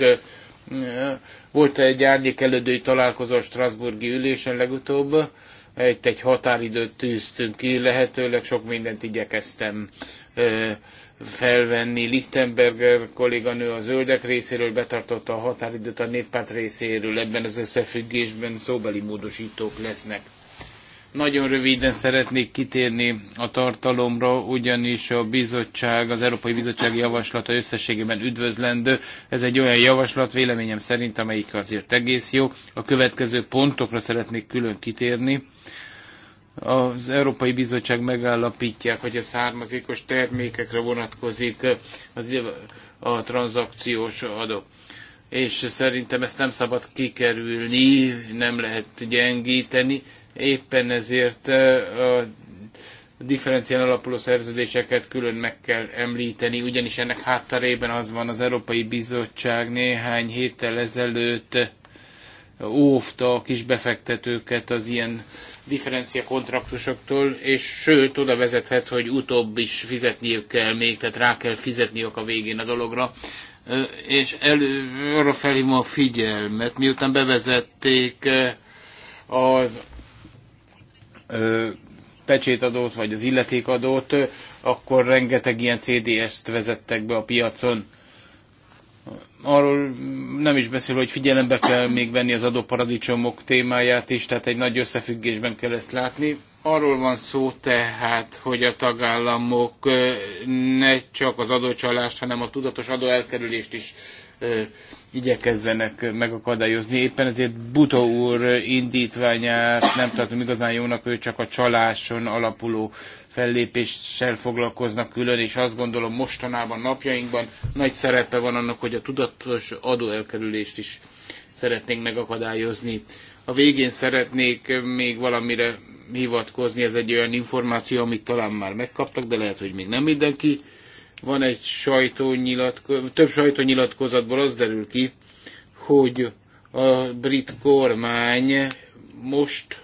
Volt egy elődői találkozó a Strasburgi ülésen legutóbb, egy egy határidőt tűztünk ki, lehetőleg sok mindent igyekeztem felvenni. Lichtenberger kolléganő a zöldek részéről betartotta a határidőt a néppárt részéről. Ebben az összefüggésben szóbeli módosítók lesznek. Nagyon röviden szeretnék kitérni a tartalomra, ugyanis a bizottság, az Európai Bizottság javaslata összességében üdvözlendő. Ez egy olyan javaslat véleményem szerint, amelyik azért egész jó. A következő pontokra szeretnék külön kitérni. Az Európai Bizottság megállapítják, hogy a származékos termékekre vonatkozik az, a tranzakciós adó és szerintem ezt nem szabad kikerülni, nem lehet gyengíteni, Éppen ezért a differencián alapuló szerződéseket külön meg kell említeni, ugyanis ennek hátterében az van, az Európai Bizottság néhány héttel ezelőtt óvta a befektetőket az ilyen differencia kontraktusoktól, és sőt, oda vezethet, hogy utóbb is fizetniük kell még, tehát rá kell fizetniük a végén a dologra. És elő, arra felhívom a figyelmet, miután bevezették az pecsétadót, vagy az illetékadót, akkor rengeteg ilyen CDS-t vezettek be a piacon. Arról nem is beszél, hogy figyelembe kell még venni az adóparadicsomok témáját is, tehát egy nagy összefüggésben kell ezt látni. Arról van szó tehát, hogy a tagállamok ne csak az adócsalást, hanem a tudatos adóelkerülést is igyekezzenek megakadályozni. Éppen ezért Butó úr indítványát nem tartom igazán jónak, ő csak a csaláson alapuló fellépéssel foglalkoznak külön, és azt gondolom mostanában, napjainkban nagy szerepe van annak, hogy a tudatos adóelkerülést is szeretnénk megakadályozni. A végén szeretnék még valamire hivatkozni, ez egy olyan információ, amit talán már megkaptak, de lehet, hogy még nem mindenki van egy sajtónyilatkozat, több sajtónyilatkozatból az derül ki, hogy a brit kormány most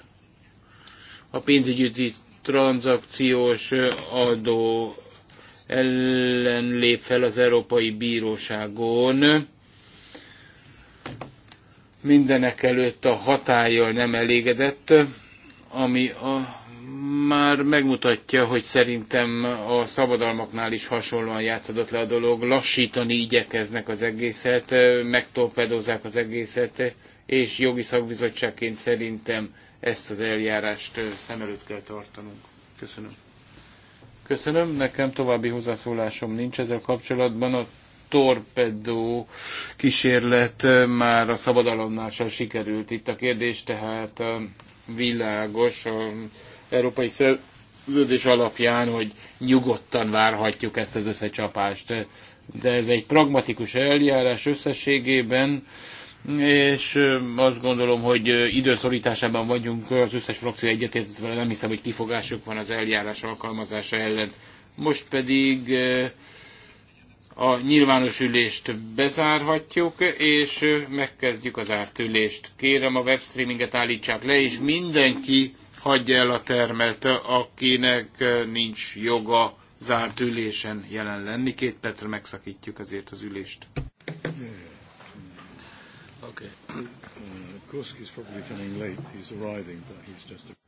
a pénzügyi tranzakciós adó ellen lép fel az Európai Bíróságon. Mindenek előtt a hatállyal nem elégedett, ami a már megmutatja, hogy szerintem a szabadalmaknál is hasonlóan játszadott le a dolog. Lassítani igyekeznek az egészet, megtorpedozzák az egészet, és jogi szakbizottságként szerintem ezt az eljárást szem előtt kell tartanunk. Köszönöm. Köszönöm, nekem további hozzászólásom nincs ezzel kapcsolatban. A torpedó kísérlet már a szabadalomnál sem sikerült itt a kérdés, tehát világos, a európai szerződés alapján, hogy nyugodtan várhatjuk ezt az összecsapást. De ez egy pragmatikus eljárás összességében, és azt gondolom, hogy időszorításában vagyunk, az összes frakció egyetértett vele, nem hiszem, hogy kifogásuk van az eljárás alkalmazása ellen. Most pedig a nyilvános ülést bezárhatjuk, és megkezdjük az ártülést. Kérem a webstreaminget állítsák le, és mindenki hagyja el a termet, akinek nincs joga zárt ülésen jelen lenni. Két percre megszakítjuk azért az ülést. Okay. Uh, probably coming late. He's arriving, but he's just.